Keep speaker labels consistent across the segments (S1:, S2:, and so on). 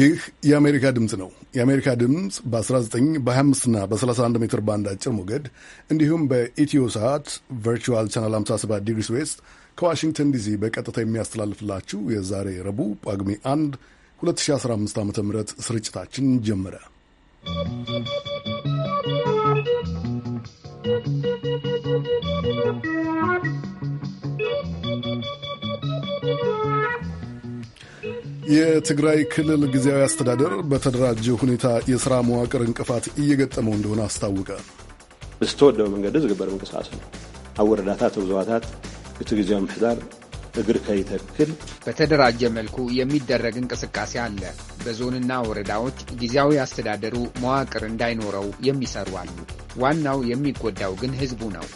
S1: ይህ የአሜሪካ ድምፅ ነው። የአሜሪካ ድምፅ በ19 በ25ና በ31 ሜትር ባንድ አጭር ሞገድ እንዲሁም በኢትዮ ሰዓት ቨርቹዋል ቻናል 57 ዲግሪስ ዌስት ከዋሽንግተን ዲሲ በቀጥታ የሚያስተላልፍላችሁ የዛሬ ረቡዕ ጳጉሜ 1 2015 ዓ ም ስርጭታችን ጀመረ። የትግራይ ክልል ጊዜያዊ አስተዳደር በተደራጀ ሁኔታ የሥራ መዋቅር እንቅፋት እየገጠመው እንደሆነ አስታወቀ።
S2: ዝተወደበ መንገዲ ዝግበር ምንቅስቃስ ነው ኣብ ወረዳታት እቲ ጊዜያዊ ምሕዳር
S3: እግር ከይተክል በተደራጀ መልኩ የሚደረግ እንቅስቃሴ አለ። በዞንና ወረዳዎች ጊዜያዊ አስተዳደሩ መዋቅር እንዳይኖረው የሚሰሩ አሉ። ዋናው የሚጎዳው ግን ሕዝቡ ነው።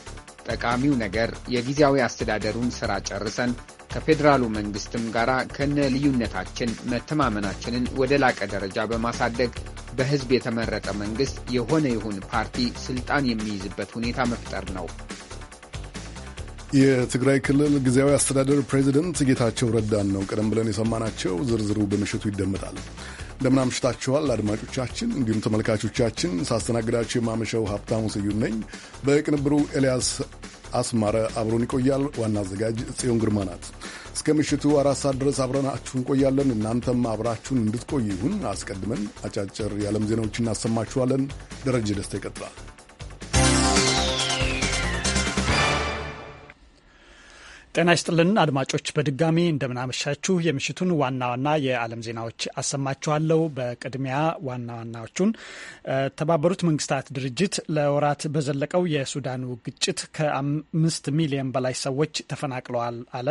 S3: ጠቃሚው ነገር የጊዜያዊ አስተዳደሩን ሥራ ጨርሰን ከፌዴራሉ መንግስትም ጋር ከነ ልዩነታችን መተማመናችንን ወደ ላቀ ደረጃ በማሳደግ በህዝብ የተመረጠ መንግሥት የሆነ ይሁን ፓርቲ ስልጣን የሚይዝበት ሁኔታ መፍጠር ነው።
S1: የትግራይ ክልል ጊዜያዊ አስተዳደር ፕሬዚደንት ጌታቸው ረዳን ነው ቀደም ብለን የሰማናቸው። ዝርዝሩ በምሽቱ ይደመጣል። እንደምን አምሽታችኋል አድማጮቻችን፣ እንዲሁም ተመልካቾቻችን። ሳስተናግዳችሁ የማመሻው ሀብታሙ ስዩም ነኝ። በቅንብሩ ኤልያስ አስማረ አብሮን ይቆያል። ዋና አዘጋጅ ጽዮን ግርማ ናት። እስከ ምሽቱ አራት ሰዓት ድረስ አብረናችሁ እንቆያለን። እናንተም አብራችሁን እንድትቆይ ይሁን። አስቀድመን አጫጭር የዓለም ዜናዎችን እናሰማችኋለን። ደረጀ ደስታ ይቀጥላል።
S4: ጤና ይስጥልን አድማጮች፣ በድጋሚ እንደምናመሻችሁ። የምሽቱን ዋና ዋና የዓለም ዜናዎች አሰማችኋለሁ። በቅድሚያ ዋና ዋናዎቹን። ተባበሩት መንግስታት ድርጅት ለወራት በዘለቀው የሱዳኑ ግጭት ከአምስት ሚሊዮን በላይ ሰዎች ተፈናቅለዋል አለ።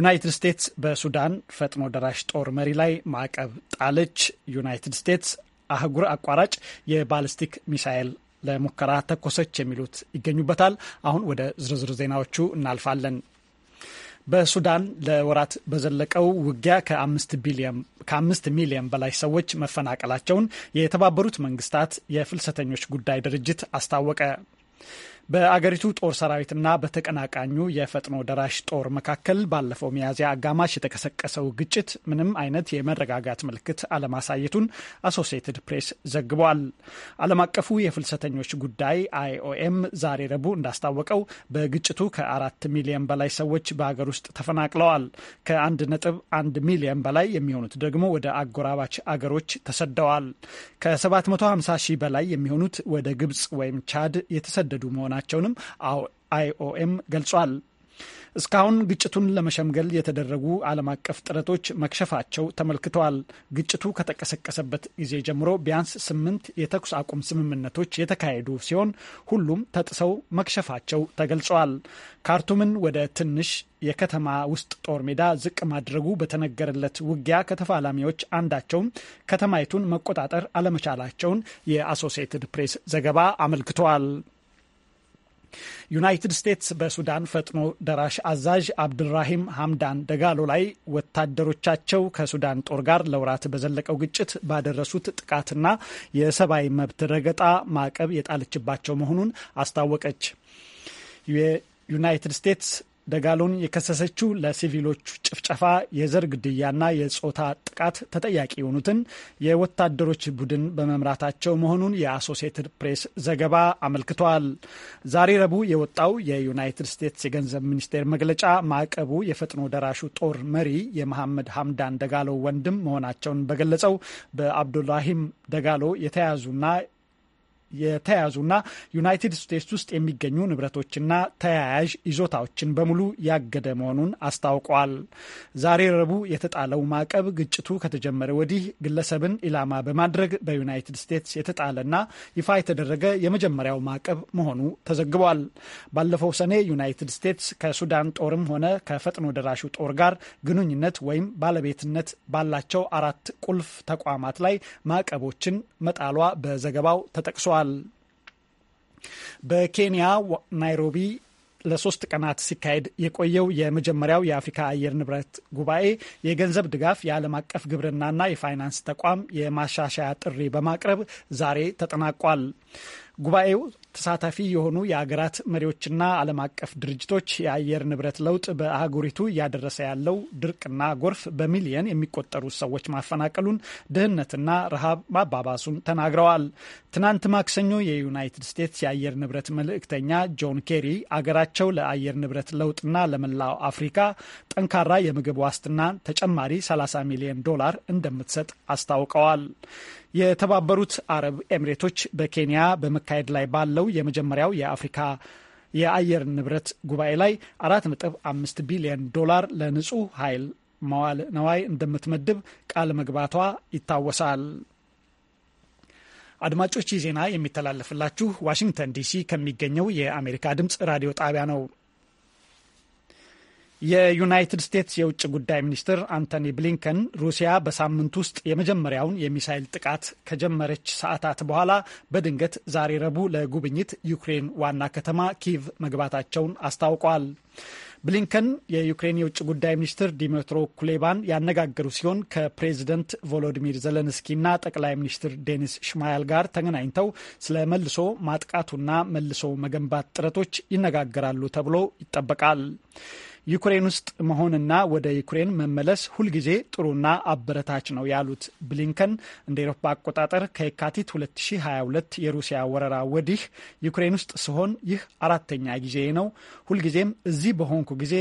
S4: ዩናይትድ ስቴትስ በሱዳን ፈጥኖ ደራሽ ጦር መሪ ላይ ማዕቀብ ጣለች። ዩናይትድ ስቴትስ አህጉር አቋራጭ የባሊስቲክ ሚሳይል ለሙከራ ተኮሰች። የሚሉት ይገኙበታል። አሁን ወደ ዝርዝር ዜናዎቹ እናልፋለን። በሱዳን ለወራት በዘለቀው ውጊያ ከአምስት ሚሊዮን በላይ ሰዎች መፈናቀላቸውን የተባበሩት መንግስታት የፍልሰተኞች ጉዳይ ድርጅት አስታወቀ። በአገሪቱ ጦር ሰራዊትና በተቀናቃኙ የፈጥኖ ደራሽ ጦር መካከል ባለፈው ሚያዝያ አጋማሽ የተቀሰቀሰው ግጭት ምንም አይነት የመረጋጋት ምልክት አለማሳየቱን አሶሲየትድ ፕሬስ ዘግቧል። ዓለም አቀፉ የፍልሰተኞች ጉዳይ አይኦኤም ዛሬ ረቡዕ እንዳስታወቀው በግጭቱ ከአራት ሚሊዮን በላይ ሰዎች በሀገር ውስጥ ተፈናቅለዋል። ከአንድ ነጥብ አንድ ሚሊዮን በላይ የሚሆኑት ደግሞ ወደ አጎራባች አገሮች ተሰደዋል። ከ750 ሺህ በላይ የሚሆኑት ወደ ግብጽ ወይም ቻድ የተሰደዱ መሆናቸው መሆናቸውንም አይኦኤም ገልጿል። እስካሁን ግጭቱን ለመሸምገል የተደረጉ ዓለም አቀፍ ጥረቶች መክሸፋቸው ተመልክተዋል። ግጭቱ ከተቀሰቀሰበት ጊዜ ጀምሮ ቢያንስ ስምንት የተኩስ አቁም ስምምነቶች የተካሄዱ ሲሆን ሁሉም ተጥሰው መክሸፋቸው ተገልጸዋል። ካርቱምን ወደ ትንሽ የከተማ ውስጥ ጦር ሜዳ ዝቅ ማድረጉ በተነገረለት ውጊያ ከተፋላሚዎች አንዳቸውም ከተማይቱን መቆጣጠር አለመቻላቸውን የአሶሲኤትድ ፕሬስ ዘገባ አመልክተዋል። ዩናይትድ ስቴትስ በሱዳን ፈጥኖ ደራሽ አዛዥ አብድራሂም ሀምዳን ደጋሎ ላይ ወታደሮቻቸው ከሱዳን ጦር ጋር ለውራት በዘለቀው ግጭት ባደረሱት ጥቃትና የሰብአዊ መብት ረገጣ ማዕቀብ የጣለችባቸው መሆኑን አስታወቀች። ዩናይትድ ስቴትስ ደጋሎን የከሰሰችው ለሲቪሎች ጭፍጨፋ፣ የዘር ግድያና የጾታ ጥቃት ተጠያቂ የሆኑትን የወታደሮች ቡድን በመምራታቸው መሆኑን የአሶሴትድ ፕሬስ ዘገባ አመልክቷል። ዛሬ ረቡዕ የወጣው የዩናይትድ ስቴትስ የገንዘብ ሚኒስቴር መግለጫ ማዕቀቡ የፈጥኖ ደራሹ ጦር መሪ የመሐመድ ሀምዳን ደጋሎ ወንድም መሆናቸውን በገለጸው በአብዱላሂም ደጋሎ የተያዙና የተያዙና ዩናይትድ ስቴትስ ውስጥ የሚገኙ ንብረቶችና ተያያዥ ይዞታዎችን በሙሉ ያገደ መሆኑን አስታውቋል። ዛሬ ረቡዕ የተጣለው ማዕቀብ ግጭቱ ከተጀመረ ወዲህ ግለሰብን ኢላማ በማድረግ በዩናይትድ ስቴትስ የተጣለና ይፋ የተደረገ የመጀመሪያው ማዕቀብ መሆኑ ተዘግቧል። ባለፈው ሰኔ ዩናይትድ ስቴትስ ከሱዳን ጦርም ሆነ ከፈጥኖ ደራሹ ጦር ጋር ግንኙነት ወይም ባለቤትነት ባላቸው አራት ቁልፍ ተቋማት ላይ ማዕቀቦችን መጣሏ በዘገባው ተጠቅሷል። ገልጸዋል። በኬንያ ናይሮቢ ለሶስት ቀናት ሲካሄድ የቆየው የመጀመሪያው የአፍሪካ አየር ንብረት ጉባኤ የገንዘብ ድጋፍ የዓለም አቀፍ ግብርናና የፋይናንስ ተቋም የማሻሻያ ጥሪ በማቅረብ ዛሬ ተጠናቋል። ጉባኤው ተሳታፊ የሆኑ የአገራት መሪዎችና ዓለም አቀፍ ድርጅቶች የአየር ንብረት ለውጥ በአህጉሪቱ እያደረሰ ያለው ድርቅና ጎርፍ በሚሊየን የሚቆጠሩ ሰዎች ማፈናቀሉን፣ ድህነትና ረሃብ ማባባሱን ተናግረዋል። ትናንት ማክሰኞ የዩናይትድ ስቴትስ የአየር ንብረት መልእክተኛ ጆን ኬሪ አገራቸው ለአየር ንብረት ለውጥና ለመላው አፍሪካ ጠንካራ የምግብ ዋስትና ተጨማሪ 30 ሚሊዮን ዶላር እንደምትሰጥ አስታውቀዋል። የተባበሩት አረብ ኤምሬቶች በኬንያ በመካሄድ ላይ ባለው ባለው የመጀመሪያው የአፍሪካ የአየር ንብረት ጉባኤ ላይ አራት ነጥብ አምስት ቢሊዮን ዶላር ለንጹህ ኃይል መዋል ነዋይ እንደምትመድብ ቃል መግባቷ ይታወሳል። አድማጮች ዜና የሚተላለፍላችሁ ዋሽንግተን ዲሲ ከሚገኘው የአሜሪካ ድምፅ ራዲዮ ጣቢያ ነው። የዩናይትድ ስቴትስ የውጭ ጉዳይ ሚኒስትር አንቶኒ ብሊንከን ሩሲያ በሳምንት ውስጥ የመጀመሪያውን የሚሳይል ጥቃት ከጀመረች ሰዓታት በኋላ በድንገት ዛሬ ረቡዕ ለጉብኝት ዩክሬን ዋና ከተማ ኪቭ መግባታቸውን አስታውቋል። ብሊንከን የዩክሬን የውጭ ጉዳይ ሚኒስትር ዲሚትሮ ኩሌባን ያነጋገሩ ሲሆን ከፕሬዚደንት ቮሎዲሚር ዘለንስኪና ጠቅላይ ሚኒስትር ዴኒስ ሽማያል ጋር ተገናኝተው ስለ መልሶ ማጥቃቱና መልሶ መገንባት ጥረቶች ይነጋገራሉ ተብሎ ይጠበቃል። ዩክሬን ውስጥ መሆንና ወደ ዩክሬን መመለስ ሁልጊዜ ጥሩና አበረታች ነው ያሉት ብሊንከን እንደ ኤሮፓ አቆጣጠር ከየካቲት 2022 የሩሲያ ወረራ ወዲህ ዩክሬን ውስጥ ሲሆን ይህ አራተኛ ጊዜ ነው። ሁልጊዜም እዚህ በሆንኩ ጊዜ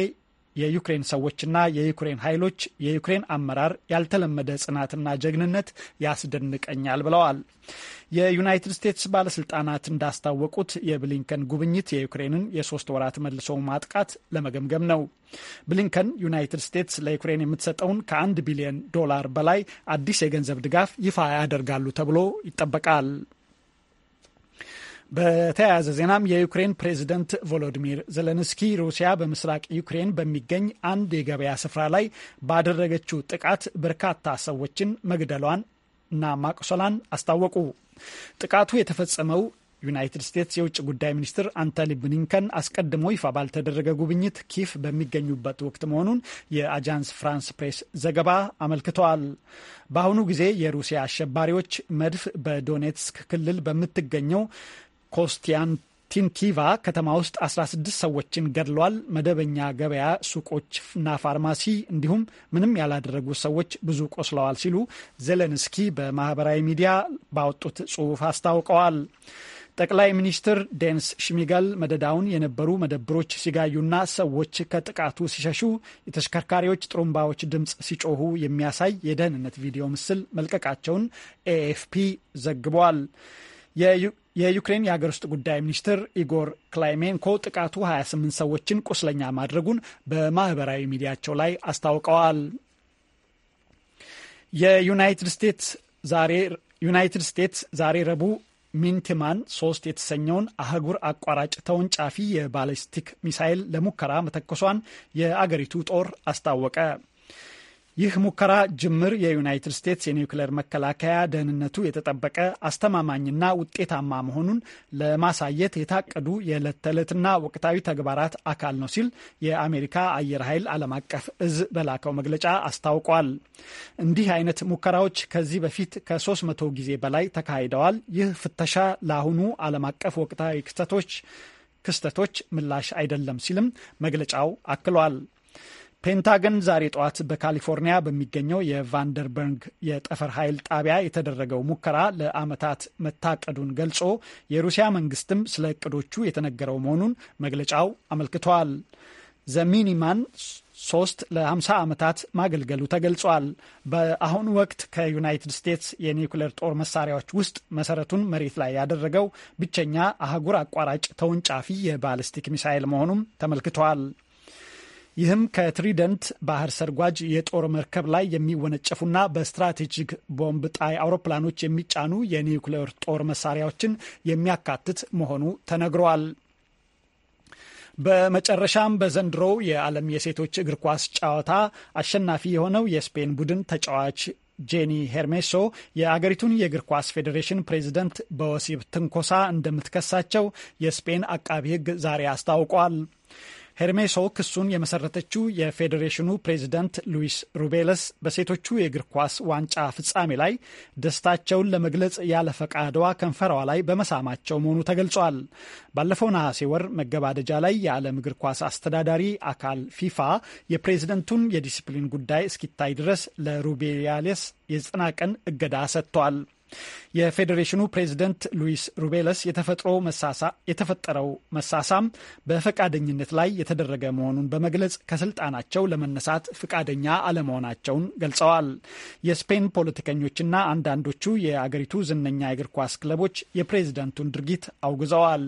S4: የዩክሬን ሰዎችና የዩክሬን ኃይሎች የዩክሬን አመራር ያልተለመደ ጽናትና ጀግንነት ያስደንቀኛል ብለዋል። የዩናይትድ ስቴትስ ባለስልጣናት እንዳስታወቁት የብሊንከን ጉብኝት የዩክሬንን የሶስት ወራት መልሶ ማጥቃት ለመገምገም ነው። ብሊንከን ዩናይትድ ስቴትስ ለዩክሬን የምትሰጠውን ከአንድ ቢሊዮን ዶላር በላይ አዲስ የገንዘብ ድጋፍ ይፋ ያደርጋሉ ተብሎ ይጠበቃል። በተያያዘ ዜናም የዩክሬን ፕሬዚደንት ቮሎዲሚር ዘለንስኪ ሩሲያ በምስራቅ ዩክሬን በሚገኝ አንድ የገበያ ስፍራ ላይ ባደረገችው ጥቃት በርካታ ሰዎችን መግደሏን እና ማቁሰሏን አስታወቁ። ጥቃቱ የተፈጸመው ዩናይትድ ስቴትስ የውጭ ጉዳይ ሚኒስትር አንቶኒ ብሊንከን አስቀድሞ ይፋ ባልተደረገ ጉብኝት ኪፍ በሚገኙበት ወቅት መሆኑን የአጃንስ ፍራንስ ፕሬስ ዘገባ አመልክተዋል። በአሁኑ ጊዜ የሩሲያ አሸባሪዎች መድፍ በዶኔትስክ ክልል በምትገኘው ኮስቲያንቲንኪቫ ከተማ ውስጥ 16 ሰዎችን ገድሏል። መደበኛ ገበያ፣ ሱቆች ና ፋርማሲ እንዲሁም ምንም ያላደረጉ ሰዎች ብዙ ቆስለዋል ሲሉ ዜሌንስኪ በማህበራዊ ሚዲያ ባወጡት ጽሑፍ አስታውቀዋል። ጠቅላይ ሚኒስትር ዴንስ ሽሚገል መደዳውን የነበሩ መደብሮች ሲጋዩና ሰዎች ከጥቃቱ ሲሸሹ የተሽከርካሪዎች ጥሩምባዎች ድምፅ ሲጮሁ የሚያሳይ የደህንነት ቪዲዮ ምስል መልቀቃቸውን ኤኤፍፒ ዘግቧል። የዩክሬን የአገር ውስጥ ጉዳይ ሚኒስትር ኢጎር ክላይሜንኮ ጥቃቱ 28 ሰዎችን ቁስለኛ ማድረጉን በማህበራዊ ሚዲያቸው ላይ አስታውቀዋል። የዩናይትድ ስቴትስ ዛሬ ዩናይትድ ስቴትስ ዛሬ ረቡዕ ሚንቲማን ሶስት የተሰኘውን አህጉር አቋራጭ ተወንጫፊ የባሊስቲክ ሚሳይል ለሙከራ መተኮሷን የአገሪቱ ጦር አስታወቀ። ይህ ሙከራ ጅምር የዩናይትድ ስቴትስ የኒውክሌር መከላከያ ደህንነቱ የተጠበቀ አስተማማኝና ውጤታማ መሆኑን ለማሳየት የታቀዱ የዕለት ተዕለትና ወቅታዊ ተግባራት አካል ነው ሲል የአሜሪካ አየር ኃይል ዓለም አቀፍ እዝ በላከው መግለጫ አስታውቋል። እንዲህ አይነት ሙከራዎች ከዚህ በፊት ከ300 ጊዜ በላይ ተካሂደዋል። ይህ ፍተሻ ለአሁኑ ዓለም አቀፍ ወቅታዊ ክስተቶች ክስተቶች ምላሽ አይደለም ሲልም መግለጫው አክሏል። ፔንታገን ዛሬ ጠዋት በካሊፎርኒያ በሚገኘው የቫንደርበርግ የጠፈር ኃይል ጣቢያ የተደረገው ሙከራ ለዓመታት መታቀዱን ገልጾ የሩሲያ መንግስትም ስለ እቅዶቹ የተነገረው መሆኑን መግለጫው አመልክቷል። ዘሚኒማን ሶስት ለ50 ዓመታት ማገልገሉ ተገልጿል። በአሁኑ ወቅት ከዩናይትድ ስቴትስ የኒውክሌር ጦር መሳሪያዎች ውስጥ መሰረቱን መሬት ላይ ያደረገው ብቸኛ አህጉር አቋራጭ ተወንጫፊ የባሊስቲክ ሚሳይል መሆኑም ተመልክቷል። ይህም ከትሪደንት ባህር ሰርጓጅ የጦር መርከብ ላይ የሚወነጨፉና በስትራቴጂክ ቦምብ ጣይ አውሮፕላኖች የሚጫኑ የኒውክሌር ጦር መሳሪያዎችን የሚያካትት መሆኑ ተነግሯል። በመጨረሻም በዘንድሮው የዓለም የሴቶች እግር ኳስ ጨዋታ አሸናፊ የሆነው የስፔን ቡድን ተጫዋች ጄኒ ሄርሜሶ የአገሪቱን የእግር ኳስ ፌዴሬሽን ፕሬዚደንት በወሲብ ትንኮሳ እንደምትከሳቸው የስፔን አቃቢ ሕግ ዛሬ አስታውቋል። ሄርሜሶ ክሱን የመሰረተችው የፌዴሬሽኑ ፕሬዚደንት ሉዊስ ሩቤለስ በሴቶቹ የእግር ኳስ ዋንጫ ፍጻሜ ላይ ደስታቸውን ለመግለጽ ያለ ፈቃድዋ ከንፈሯ ላይ በመሳማቸው መሆኑ ተገልጿል። ባለፈው ነሐሴ ወር መገባደጃ ላይ የዓለም እግር ኳስ አስተዳዳሪ አካል ፊፋ የፕሬዝደንቱን የዲሲፕሊን ጉዳይ እስኪታይ ድረስ ለሩቤያሌስ የዘጠና ቀን እገዳ ሰጥቷል። የፌዴሬሽኑ ፕሬዚደንት ሉዊስ ሩቤለስ የተፈጠረው መሳሳም በፈቃደኝነት ላይ የተደረገ መሆኑን በመግለጽ ከስልጣናቸው ለመነሳት ፈቃደኛ አለመሆናቸውን ገልጸዋል። የስፔን ፖለቲከኞችና አንዳንዶቹ የአገሪቱ ዝነኛ የእግር ኳስ ክለቦች የፕሬዚደንቱን ድርጊት አውግዘዋል።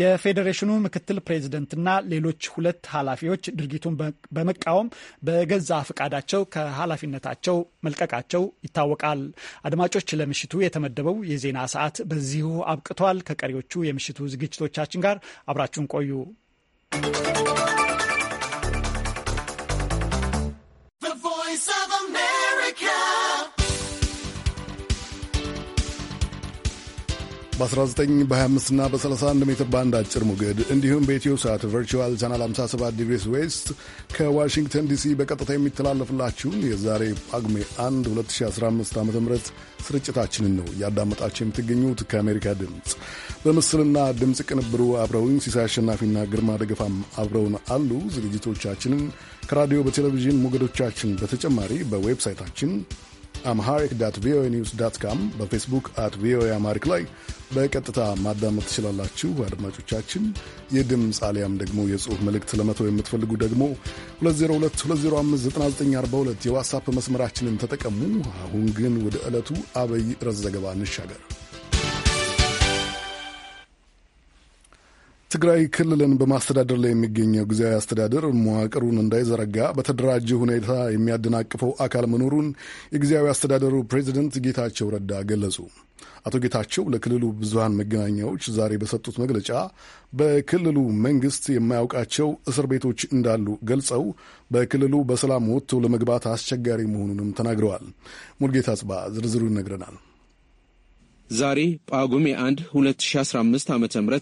S4: የፌዴሬሽኑ ምክትል ፕሬዚደንትና ሌሎች ሁለት ኃላፊዎች ድርጊቱን በመቃወም በገዛ ፈቃዳቸው ከኃላፊነታቸው መልቀቃቸው ይታወቃል። አድማጮች፣ ለምሽቱ የተመደበው የዜና ሰዓት በዚሁ አብቅቷል። ከቀሪዎቹ የምሽቱ ዝግጅቶቻችን ጋር አብራችሁን ቆዩ።
S1: በ19 በ25 እና በ31 ሜትር ባንድ አጭር ሞገድ እንዲሁም በኢትዮ ሰዓት ቨርቹዋል ቻናል 57 ዲግሪስ ዌስት ከዋሽንግተን ዲሲ በቀጥታ የሚተላለፍላችሁን የዛሬ ጳጉሜ 1 2015 ዓ ም ስርጭታችንን ነው እያዳመጣችሁ የምትገኙት ከአሜሪካ ድምፅ። በምስልና ድምፅ ቅንብሩ አብረውኝ ሲሳይ አሸናፊና ግርማ ደገፋም አብረውን አሉ። ዝግጅቶቻችንን ከራዲዮ በቴሌቪዥን ሞገዶቻችን በተጨማሪ በዌብሳይታችን አምሃሪክ ዳት ቪኦኤ ኒውስ ዳት ካም በፌስቡክ አት ቪኦኤ አማሪክ ላይ በቀጥታ ማዳመጥ ትችላላችሁ። አድማጮቻችን የድምፅ አሊያም ደግሞ የጽሑፍ መልእክት ለመተው የምትፈልጉ ደግሞ 2022059942 የዋትሳፕ መስመራችንን ተጠቀሙ። አሁን ግን ወደ ዕለቱ አበይ ርዕስ ዘገባ እንሻገር። ትግራይ ክልልን በማስተዳደር ላይ የሚገኘው ጊዜያዊ አስተዳደር መዋቅሩን እንዳይዘረጋ በተደራጀ ሁኔታ የሚያደናቅፈው አካል መኖሩን የጊዜያዊ አስተዳደሩ ፕሬዚደንት ጌታቸው ረዳ ገለጹ። አቶ ጌታቸው ለክልሉ ብዙሃን መገናኛዎች ዛሬ በሰጡት መግለጫ በክልሉ መንግስት የማያውቃቸው እስር ቤቶች እንዳሉ ገልጸው በክልሉ በሰላም ወጥቶ ለመግባት አስቸጋሪ መሆኑንም ተናግረዋል። ሙልጌታ ጽባ ዝርዝሩ ይነግረናል።
S5: ዛሬ ጳጉሜ 1 2015 ዓ ም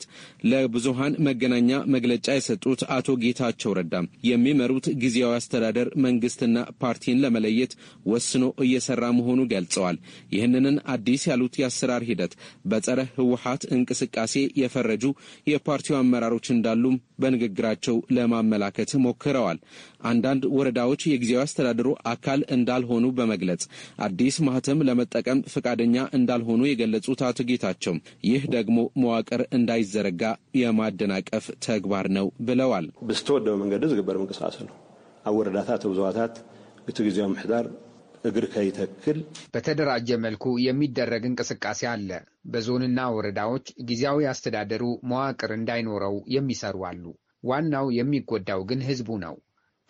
S5: ለብዙሃን መገናኛ መግለጫ የሰጡት አቶ ጌታቸው ረዳ የሚመሩት ጊዜያዊ አስተዳደር መንግስትና ፓርቲን ለመለየት ወስኖ እየሰራ መሆኑ ገልጸዋል። ይህንን አዲስ ያሉት የአሰራር ሂደት በጸረ ህወሀት እንቅስቃሴ የፈረጁ የፓርቲው አመራሮች እንዳሉም በንግግራቸው ለማመላከት ሞክረዋል። አንዳንድ ወረዳዎች የጊዜያዊ አስተዳደሩ አካል እንዳልሆኑ በመግለጽ አዲስ ማህተም ለመጠቀም ፈቃደኛ እንዳልሆኑ የገለጹት አቶ ጌታቸው ይህ ደግሞ መዋቅር እንዳይዘረጋ የማደናቀፍ ተግባር ነው ብለዋል። ብስተወደበ መንገዲ ዝግበር ምንቅስቃስ ነው ኣብ ወረዳታት ብዙዋታት እቲ ግዜዊ ምሕዳር እግር ከይተክል በተደራጀ መልኩ
S3: የሚደረግ እንቅስቃሴ አለ። በዞንና ወረዳዎች ጊዜያዊ አስተዳደሩ መዋቅር እንዳይኖረው የሚሰሩ አሉ። ዋናው የሚጎዳው ግን ህዝቡ ነው።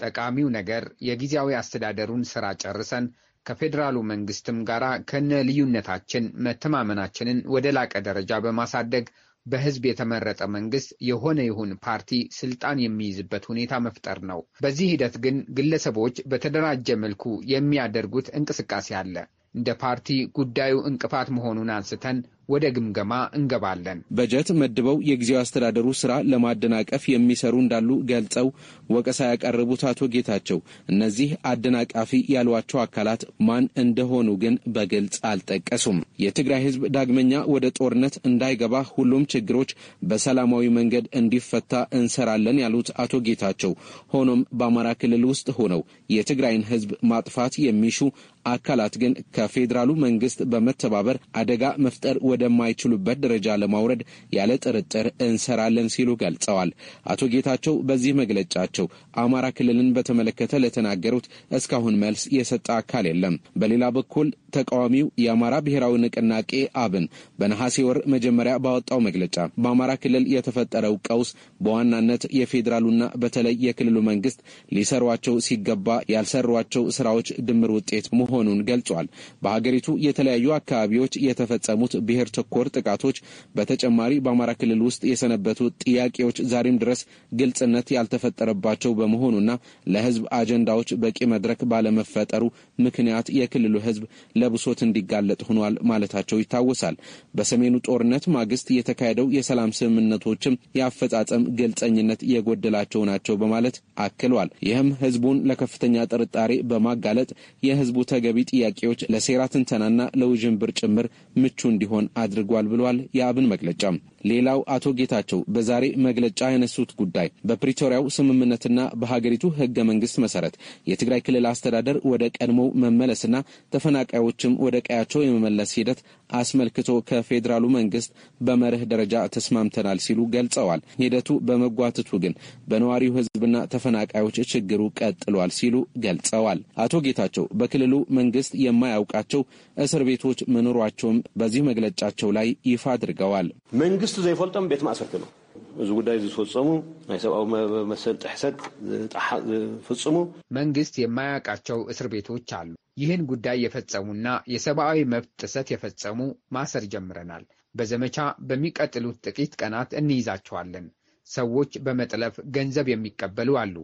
S3: ጠቃሚው ነገር የጊዜያዊ አስተዳደሩን ስራ ጨርሰን ከፌዴራሉ መንግስትም ጋር ከነ ልዩነታችን መተማመናችንን ወደ ላቀ ደረጃ በማሳደግ በህዝብ የተመረጠ መንግስት የሆነ ይሁን ፓርቲ ስልጣን የሚይዝበት ሁኔታ መፍጠር ነው። በዚህ ሂደት ግን ግለሰቦች በተደራጀ መልኩ የሚያደርጉት እንቅስቃሴ አለ። እንደ ፓርቲ ጉዳዩ እንቅፋት መሆኑን አንስተን ወደ ግምገማ
S5: እንገባለን። በጀት መድበው የጊዜው አስተዳደሩ ስራ ለማደናቀፍ የሚሰሩ እንዳሉ ገልጸው ወቀሳ ያቀረቡት አቶ ጌታቸው እነዚህ አደናቃፊ ያሏቸው አካላት ማን እንደሆኑ ግን በግልጽ አልጠቀሱም። የትግራይ ህዝብ ዳግመኛ ወደ ጦርነት እንዳይገባ ሁሉም ችግሮች በሰላማዊ መንገድ እንዲፈታ እንሰራለን ያሉት አቶ ጌታቸው ሆኖም በአማራ ክልል ውስጥ ሆነው የትግራይን ህዝብ ማጥፋት የሚሹ አካላት ግን ከፌዴራሉ መንግስት በመተባበር አደጋ መፍጠር ወደ ወደማይችሉበት ደረጃ ለማውረድ ያለ ጥርጥር እንሰራለን ሲሉ ገልጸዋል። አቶ ጌታቸው በዚህ መግለጫቸው አማራ ክልልን በተመለከተ ለተናገሩት እስካሁን መልስ የሰጠ አካል የለም። በሌላ በኩል ተቃዋሚው የአማራ ብሔራዊ ንቅናቄ አብን በነሐሴ ወር መጀመሪያ ባወጣው መግለጫ በአማራ ክልል የተፈጠረው ቀውስ በዋናነት የፌዴራሉና በተለይ የክልሉ መንግስት ሊሰሯቸው ሲገባ ያልሰሯቸው ስራዎች ድምር ውጤት መሆኑን ገልጿል። በሀገሪቱ የተለያዩ አካባቢዎች የተፈጸሙት ብሔር ተኮር ጥቃቶች በተጨማሪ በአማራ ክልል ውስጥ የሰነበቱ ጥያቄዎች ዛሬም ድረስ ግልጽነት ያልተፈጠረባቸው በመሆኑና ለህዝብ አጀንዳዎች በቂ መድረክ ባለመፈጠሩ ምክንያት የክልሉ ህዝብ ለብሶት እንዲጋለጥ ሆኗል ማለታቸው ይታወሳል። በሰሜኑ ጦርነት ማግስት የተካሄደው የሰላም ስምምነቶችም የአፈጻጸም ግልጸኝነት የጎደላቸው ናቸው በማለት አክሏል። ይህም ህዝቡን ለከፍተኛ ጥርጣሬ በማጋለጥ የህዝቡ ተገቢ ጥያቄዎች ለሴራ ትንተናና ለውዥንብር ጭምር ምቹ እንዲሆን አድርጓል ብሏል። የአብን መግለጫም ሌላው አቶ ጌታቸው በዛሬ መግለጫ ያነሱት ጉዳይ በፕሪቶሪያው ስምምነትና በሀገሪቱ ህገ መንግስት መሰረት የትግራይ ክልል አስተዳደር ወደ ቀድሞው መመለስና ተፈናቃዮችም ወደ ቀያቸው የመመለስ ሂደት አስመልክቶ ከፌዴራሉ መንግስት በመርህ ደረጃ ተስማምተናል ሲሉ ገልጸዋል። ሂደቱ በመጓተቱ ግን በነዋሪው ህዝብና ተፈናቃዮች ችግሩ ቀጥሏል ሲሉ ገልጸዋል። አቶ ጌታቸው በክልሉ መንግስት የማያውቃቸው እስር ቤቶች መኖሯቸውም በዚህ መግለጫቸው ላይ ይፋ አድርገዋል። መንግስቱ ዘይፈልጦም ቤት ማእሰርቲ ነው
S3: እዚ ጉዳይ ዝፈፀሙ ናይ ሰብኣዊ መሰል ጥሕሰት ዝፍፅሙ መንግስት የማያውቃቸው እስር ቤቶች አሉ። ይህን ጉዳይ የፈጸሙና የሰብአዊ መብት ጥሰት የፈጸሙ ማሰር ጀምረናል። በዘመቻ በሚቀጥሉት ጥቂት ቀናት እንይዛቸዋለን። ሰዎች በመጥለፍ ገንዘብ የሚቀበሉ አሉ።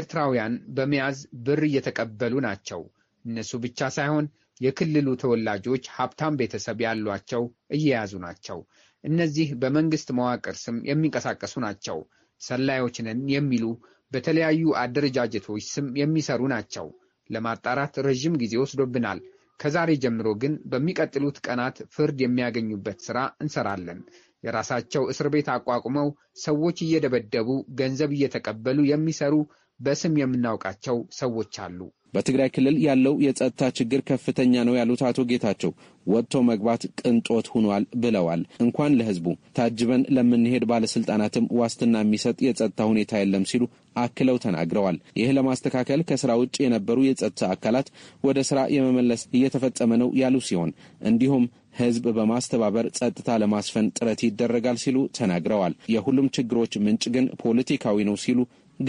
S3: ኤርትራውያን በመያዝ ብር እየተቀበሉ ናቸው። እነሱ ብቻ ሳይሆን የክልሉ ተወላጆች ሀብታም ቤተሰብ ያሏቸው እየያዙ ናቸው። እነዚህ በመንግስት መዋቅር ስም የሚንቀሳቀሱ ናቸው። ሰላዮች ነን የሚሉ በተለያዩ አደረጃጀቶች ስም የሚሰሩ ናቸው። ለማጣራት ረዥም ጊዜ ወስዶብናል። ከዛሬ ጀምሮ ግን በሚቀጥሉት ቀናት ፍርድ የሚያገኙበት ሥራ እንሰራለን። የራሳቸው እስር ቤት አቋቁመው ሰዎች እየደበደቡ ገንዘብ እየተቀበሉ የሚሰሩ በስም የምናውቃቸው ሰዎች አሉ።
S5: በትግራይ ክልል ያለው የጸጥታ ችግር ከፍተኛ ነው ያሉት አቶ ጌታቸው ወጥቶ መግባት ቅንጦት ሆኗል ብለዋል። እንኳን ለህዝቡ ታጅበን ለምንሄድ ባለስልጣናትም ዋስትና የሚሰጥ የጸጥታ ሁኔታ የለም ሲሉ አክለው ተናግረዋል። ይህ ለማስተካከል ከስራ ውጭ የነበሩ የጸጥታ አካላት ወደ ስራ የመመለስ እየተፈጸመ ነው ያሉ ሲሆን እንዲሁም ህዝብ በማስተባበር ጸጥታ ለማስፈን ጥረት ይደረጋል ሲሉ ተናግረዋል። የሁሉም ችግሮች ምንጭ ግን ፖለቲካዊ ነው ሲሉ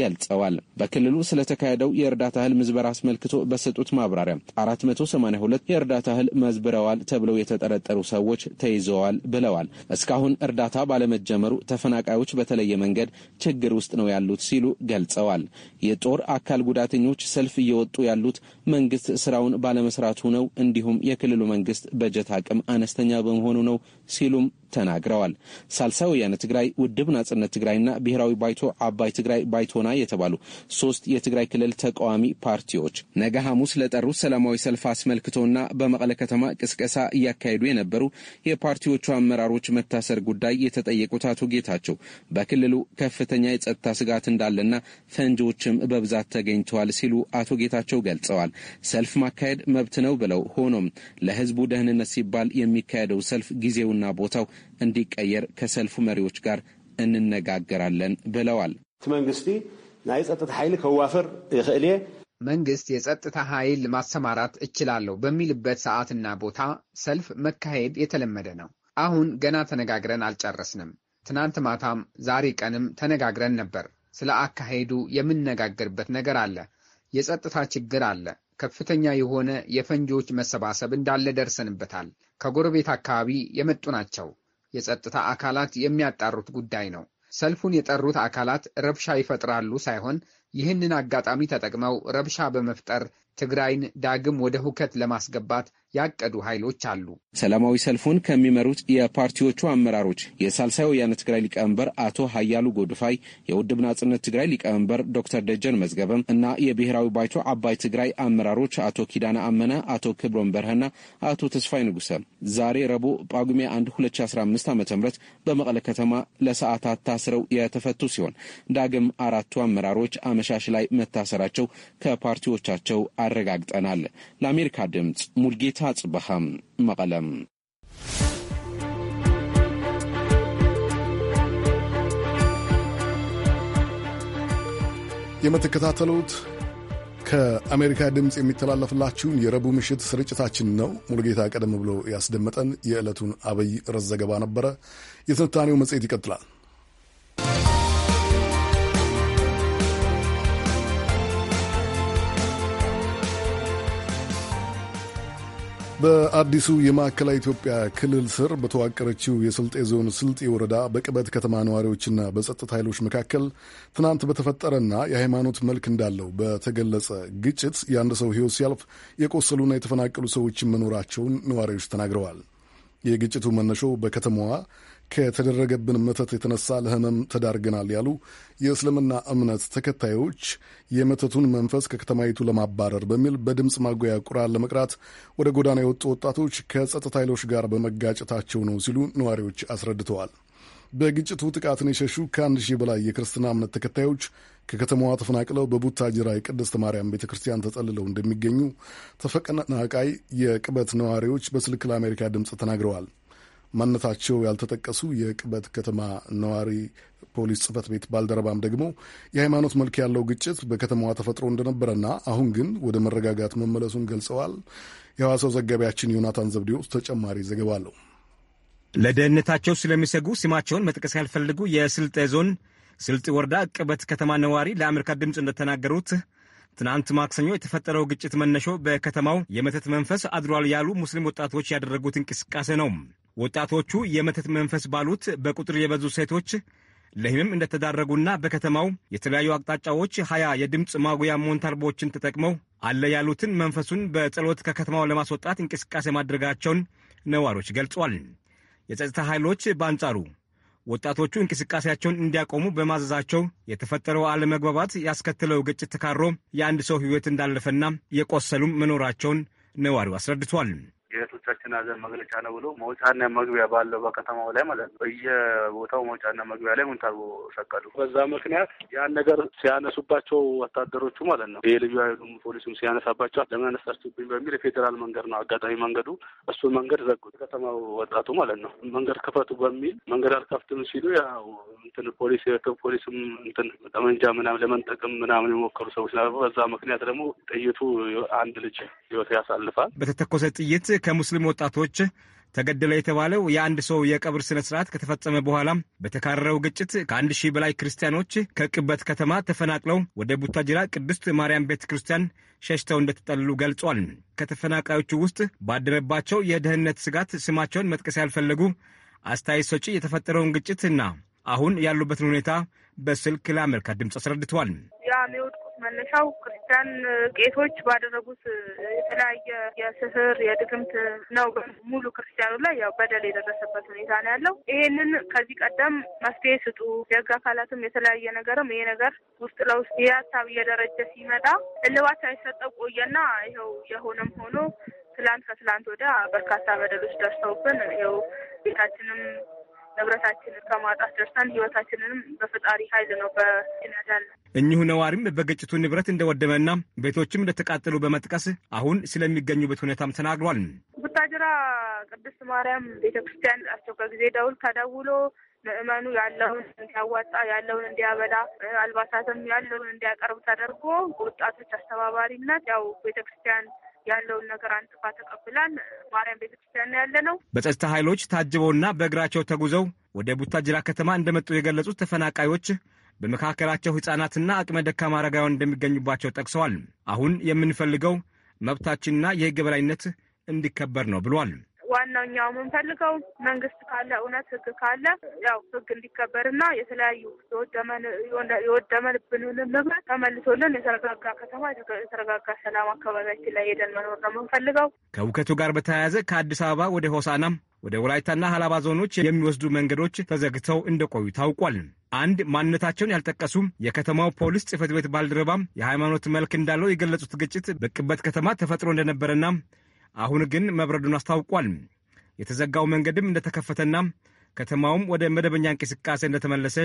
S5: ገልጸዋል። በክልሉ ስለተካሄደው የእርዳታ እህል ምዝበራ አስመልክቶ በሰጡት ማብራሪያ 482 የእርዳታ እህል መዝብረዋል ተብለው የተጠረጠሩ ሰዎች ተይዘዋል ብለዋል። እስካሁን እርዳታ ባለመጀመሩ ተፈናቃዮች በተለየ መንገድ ችግር ውስጥ ነው ያሉት ሲሉ ገልጸዋል። የጦር አካል ጉዳተኞች ሰልፍ እየወጡ ያሉት መንግስት ስራውን ባለመስራቱ ነው፣ እንዲሁም የክልሉ መንግስት በጀት አቅም አነስተኛ በመሆኑ ነው ሲሉም ተናግረዋል። ሳልሳይ ወያነ ትግራይ፣ ውድብ ናጽነት ትግራይና ብሔራዊ ባይቶ አባይ ትግራይ ባይቶና የተባሉ ሶስት የትግራይ ክልል ተቃዋሚ ፓርቲዎች ነገ ሐሙስ ለጠሩት ሰላማዊ ሰልፍ አስመልክቶና በመቀለ ከተማ ቅስቀሳ እያካሄዱ የነበሩ የፓርቲዎቹ አመራሮች መታሰር ጉዳይ የተጠየቁት አቶ ጌታቸው በክልሉ ከፍተኛ የጸጥታ ስጋት እንዳለና ፈንጂዎችም በብዛት ተገኝተዋል ሲሉ አቶ ጌታቸው ገልጸዋል። ሰልፍ ማካሄድ መብት ነው ብለው ሆኖም ለህዝቡ ደህንነት ሲባል የሚካሄደው ሰልፍ ጊዜውና ቦታው እንዲቀየር ከሰልፉ መሪዎች ጋር እንነጋገራለን ብለዋል።
S3: እቲ መንግስቲ ናይ ፀጥታ ሓይሊ ከዋፍር ይኽእል እየ መንግስት የጸጥታ ኃይል ማሰማራት እችላለሁ በሚልበት ሰዓትና ቦታ ሰልፍ መካሄድ የተለመደ ነው። አሁን ገና ተነጋግረን አልጨረስንም። ትናንት ማታም ዛሬ ቀንም ተነጋግረን ነበር። ስለ አካሄዱ የምንነጋገርበት ነገር አለ። የጸጥታ ችግር አለ። ከፍተኛ የሆነ የፈንጂዎች መሰባሰብ እንዳለ ደርሰንበታል። ከጎረቤት አካባቢ የመጡ ናቸው። የጸጥታ አካላት የሚያጣሩት ጉዳይ ነው። ሰልፉን የጠሩት አካላት ረብሻ ይፈጥራሉ ሳይሆን ይህንን አጋጣሚ ተጠቅመው ረብሻ በመፍጠር ትግራይን ዳግም ወደ ሁከት ለማስገባት ያቀዱ ኃይሎች አሉ።
S5: ሰላማዊ ሰልፉን ከሚመሩት የፓርቲዎቹ አመራሮች የሳልሳይ ወያነ ትግራይ ሊቀመንበር አቶ ሀያሉ ጎድፋይ፣ የውድብ ናጽነት ትግራይ ሊቀመንበር ዶክተር ደጀን መዝገበም እና የብሔራዊ ባይቶ አባይ ትግራይ አመራሮች አቶ ኪዳነ አመነ፣ አቶ ክብሮን በርሀና አቶ ተስፋይ ንጉሰ ዛሬ ረቡዕ ጳጉሜ 1 2015 ዓ ም በመቀለ ከተማ ለሰዓታት ታስረው የተፈቱ ሲሆን ዳግም አራቱ አመራሮች አመሻሽ ላይ መታሰራቸው ከፓርቲዎቻቸው አረጋግጠናል። ለአሜሪካ ድምፅ ሙልጌታ ጽበሃም መቀለም።
S1: የምትከታተሉት ከአሜሪካ ድምፅ የሚተላለፍላችሁን የረቡዕ ምሽት ስርጭታችን ነው። ሙልጌታ ቀደም ብሎ ያስደመጠን የዕለቱን አብይ ርዕስ ዘገባ ነበረ። የትንታኔው መጽሔት ይቀጥላል። በአዲሱ የማዕከላዊ ኢትዮጵያ ክልል ስር በተዋቀረችው የስልጤ ዞን ስልጤ ወረዳ በቅበት ከተማ ነዋሪዎችና በጸጥታ ኃይሎች መካከል ትናንት በተፈጠረና የሃይማኖት መልክ እንዳለው በተገለጸ ግጭት የአንድ ሰው ሕይወት ሲያልፍ የቆሰሉና የተፈናቀሉ ሰዎችን መኖራቸውን ነዋሪዎች ተናግረዋል። የግጭቱ መነሾ በከተማዋ ከተደረገብን መተት የተነሳ ለህመም ተዳርገናል ያሉ የእስልምና እምነት ተከታዮች የመተቱን መንፈስ ከከተማይቱ ለማባረር በሚል በድምፅ ማጉያ ቁርአን ለመቅራት ወደ ጎዳና የወጡ ወጣቶች ከጸጥታ ኃይሎች ጋር በመጋጨታቸው ነው ሲሉ ነዋሪዎች አስረድተዋል። በግጭቱ ጥቃትን የሸሹ ከአንድ ሺህ በላይ የክርስትና እምነት ተከታዮች ከከተማዋ ተፈናቅለው በቡታጅራ የቅድስት ማርያም ቤተ ክርስቲያን ተጠልለው እንደሚገኙ ተፈናቃይ የቅበት ነዋሪዎች በስልክ ለአሜሪካ ድምፅ ተናግረዋል። ማንነታቸው ያልተጠቀሱ የቅበት ከተማ ነዋሪ ፖሊስ ጽህፈት ቤት ባልደረባም ደግሞ የሃይማኖት መልክ ያለው ግጭት በከተማዋ ተፈጥሮ እንደነበረና አሁን ግን ወደ መረጋጋት መመለሱን ገልጸዋል። የሐዋሳው ዘጋቢያችን ዮናታን ዘብዴዎስ ተጨማሪ ዘገባ አለው።
S6: ለደህንነታቸው ስለሚሰጉ ስማቸውን መጥቀስ ያልፈልጉ የስልጤ ዞን ስልጤ ወረዳ ቅበት ከተማ ነዋሪ ለአሜሪካ ድምፅ እንደተናገሩት ትናንት ማክሰኞ የተፈጠረው ግጭት መነሾ በከተማው የመተት መንፈስ አድሯል ያሉ ሙስሊም ወጣቶች ያደረጉት እንቅስቃሴ ነው። ወጣቶቹ የመተት መንፈስ ባሉት በቁጥር የበዙ ሴቶች ለህመም እንደተዳረጉና በከተማው የተለያዩ አቅጣጫዎች ሀያ የድምፅ ማጉያ ሞንታርቦችን ተጠቅመው አለ ያሉትን መንፈሱን በጸሎት ከከተማው ለማስወጣት እንቅስቃሴ ማድረጋቸውን ነዋሪዎች ገልጿል። የጸጥታ ኃይሎች በአንጻሩ ወጣቶቹ እንቅስቃሴያቸውን እንዲያቆሙ በማዘዛቸው የተፈጠረው አለመግባባት ያስከተለው ግጭት ተካሮ የአንድ ሰው ሕይወት እንዳለፈና የቆሰሉም መኖራቸውን ነዋሪው አስረድቷል።
S7: የእህቶቻችን ሀዘን መግለጫ ነው ብሎ መውጫና መግቢያ ባለው በከተማው ላይ ማለት ነው በየቦታው መውጫና መግቢያ ላይ ሙንታርቦ ሰቀሉ። በዛ ምክንያት ያን ነገር ሲያነሱባቸው ወታደሮቹ ማለት ነው የልዩ ልዩ ኃይሉም ፖሊሱም ሲያነሳባቸው ለምን አነሳችሁብኝ በሚል የፌዴራል መንገድ ነው አጋጣሚ መንገዱ እሱን መንገድ ዘጉት። ከተማው ወጣቱ ማለት ነው መንገድ ክፈቱ በሚል መንገድ አልከፍትም ሲሉ ያው እንትን ፖሊስ የክብ ፖሊስም እንትን ጠመንጃ ምናምን ለመንጠቅም ምናምን የሞከሩ ሰዎች ነበሩ። በዛ ምክንያት ደግሞ ጥይቱ አንድ ልጅ ህይወት ያሳልፋል
S6: በተተኮሰ ጥይት ከሙስሊም ወጣቶች ተገደለ የተባለው የአንድ ሰው የቀብር ስነ ስርዓት ከተፈጸመ በኋላ በተካረረው ግጭት ከአንድ ሺህ በላይ ክርስቲያኖች ከቅበት ከተማ ተፈናቅለው ወደ ቡታጅራ ቅድስት ማርያም ቤተ ክርስቲያን ሸሽተው እንደተጠለሉ ገልጿል። ከተፈናቃዮቹ ውስጥ ባደረባቸው የደህንነት ስጋት ስማቸውን መጥቀስ ያልፈለጉ አስተያየት ሰጪ የተፈጠረውን ግጭት እና አሁን ያሉበትን ሁኔታ በስልክ ለአሜሪካ ድምፅ አስረድተዋል።
S8: ያ ሚውድ መነሻው ክርስቲያን ቄሶች ባደረጉት የተለያየ የስህር የድግምት ነው ሙሉ ክርስቲያኑ ላይ ያው በደል የደረሰበት ሁኔታ ነው ያለው። ይሄንን ከዚህ ቀደም መፍትሄ ስጡ፣ የህግ አካላትም የተለያየ ነገርም ይሄ ነገር ውስጥ ለውስጥ የሀሳብ እየደረጀ ሲመጣ እልባት ሳይሰጠው ቆየና ይኸው የሆነም ሆኖ ትላንት ከትላንት ወዲያ በርካታ በደሎች ደርሰውብን ይኸው ቤታችንም ንብረታችንን ከማጣት ደርሰን ህይወታችንንም በፈጣሪ ኃይል ነው በችነዳል።
S6: እኚሁ ነዋሪም በግጭቱ ንብረት እንደወደመና ቤቶችም እንደተቃጠሉ በመጥቀስ አሁን ስለሚገኙበት ሁኔታም ተናግሯል።
S8: ቡታጅራ ቅድስት ማርያም ቤተ ክርስቲያን አስቸኳይ ከጊዜ ደውል ተደውሎ ምእመኑ ያለውን እንዲያዋጣ ያለውን እንዲያበላ አልባሳትም ያለውን እንዲያቀርብ ተደርጎ በወጣቶች አስተባባሪነት ያው ቤተክርስቲያን ያለውን ነገር አንጥፋ ተቀብላን ማርያም ቤተክርስቲያን ያለ ነው።
S6: በጸጥታ ኃይሎች ታጅበውና በእግራቸው ተጉዘው ወደ ቡታጅራ ከተማ እንደመጡ የገለጹት ተፈናቃዮች በመካከላቸው ሕፃናትና አቅመ ደካማ አረጋውያን እንደሚገኙባቸው ጠቅሰዋል። አሁን የምንፈልገው መብታችንና የሕግ በላይነት እንዲከበር ነው ብሏል።
S8: ዋናኛው የምንፈልገው መንግስት ካለ እውነት ህግ ካለ ያው ህግ እንዲከበርና የተለያዩ የወደመልብንን ንብረት ተመልሶልን የተረጋጋ ከተማ የተረጋጋ ሰላም አካባቢያችን ላይ ሄደን መኖር ነው የምንፈልገው።
S6: ከውከቱ ጋር በተያያዘ ከአዲስ አበባ ወደ ሆሳና ወደ ወላይታና ሀላባ ዞኖች የሚወስዱ መንገዶች ተዘግተው እንደቆዩ ታውቋል። አንድ ማንነታቸውን ያልጠቀሱ የከተማው ፖሊስ ጽህፈት ቤት ባልደረባ የሃይማኖት መልክ እንዳለው የገለጹት ግጭት በቅበት ከተማ ተፈጥሮ እንደነበረና አሁን ግን መብረዱን አስታውቋል። የተዘጋው መንገድም እንደተከፈተና ከተማውም ወደ መደበኛ እንቅስቃሴ እንደተመለሰ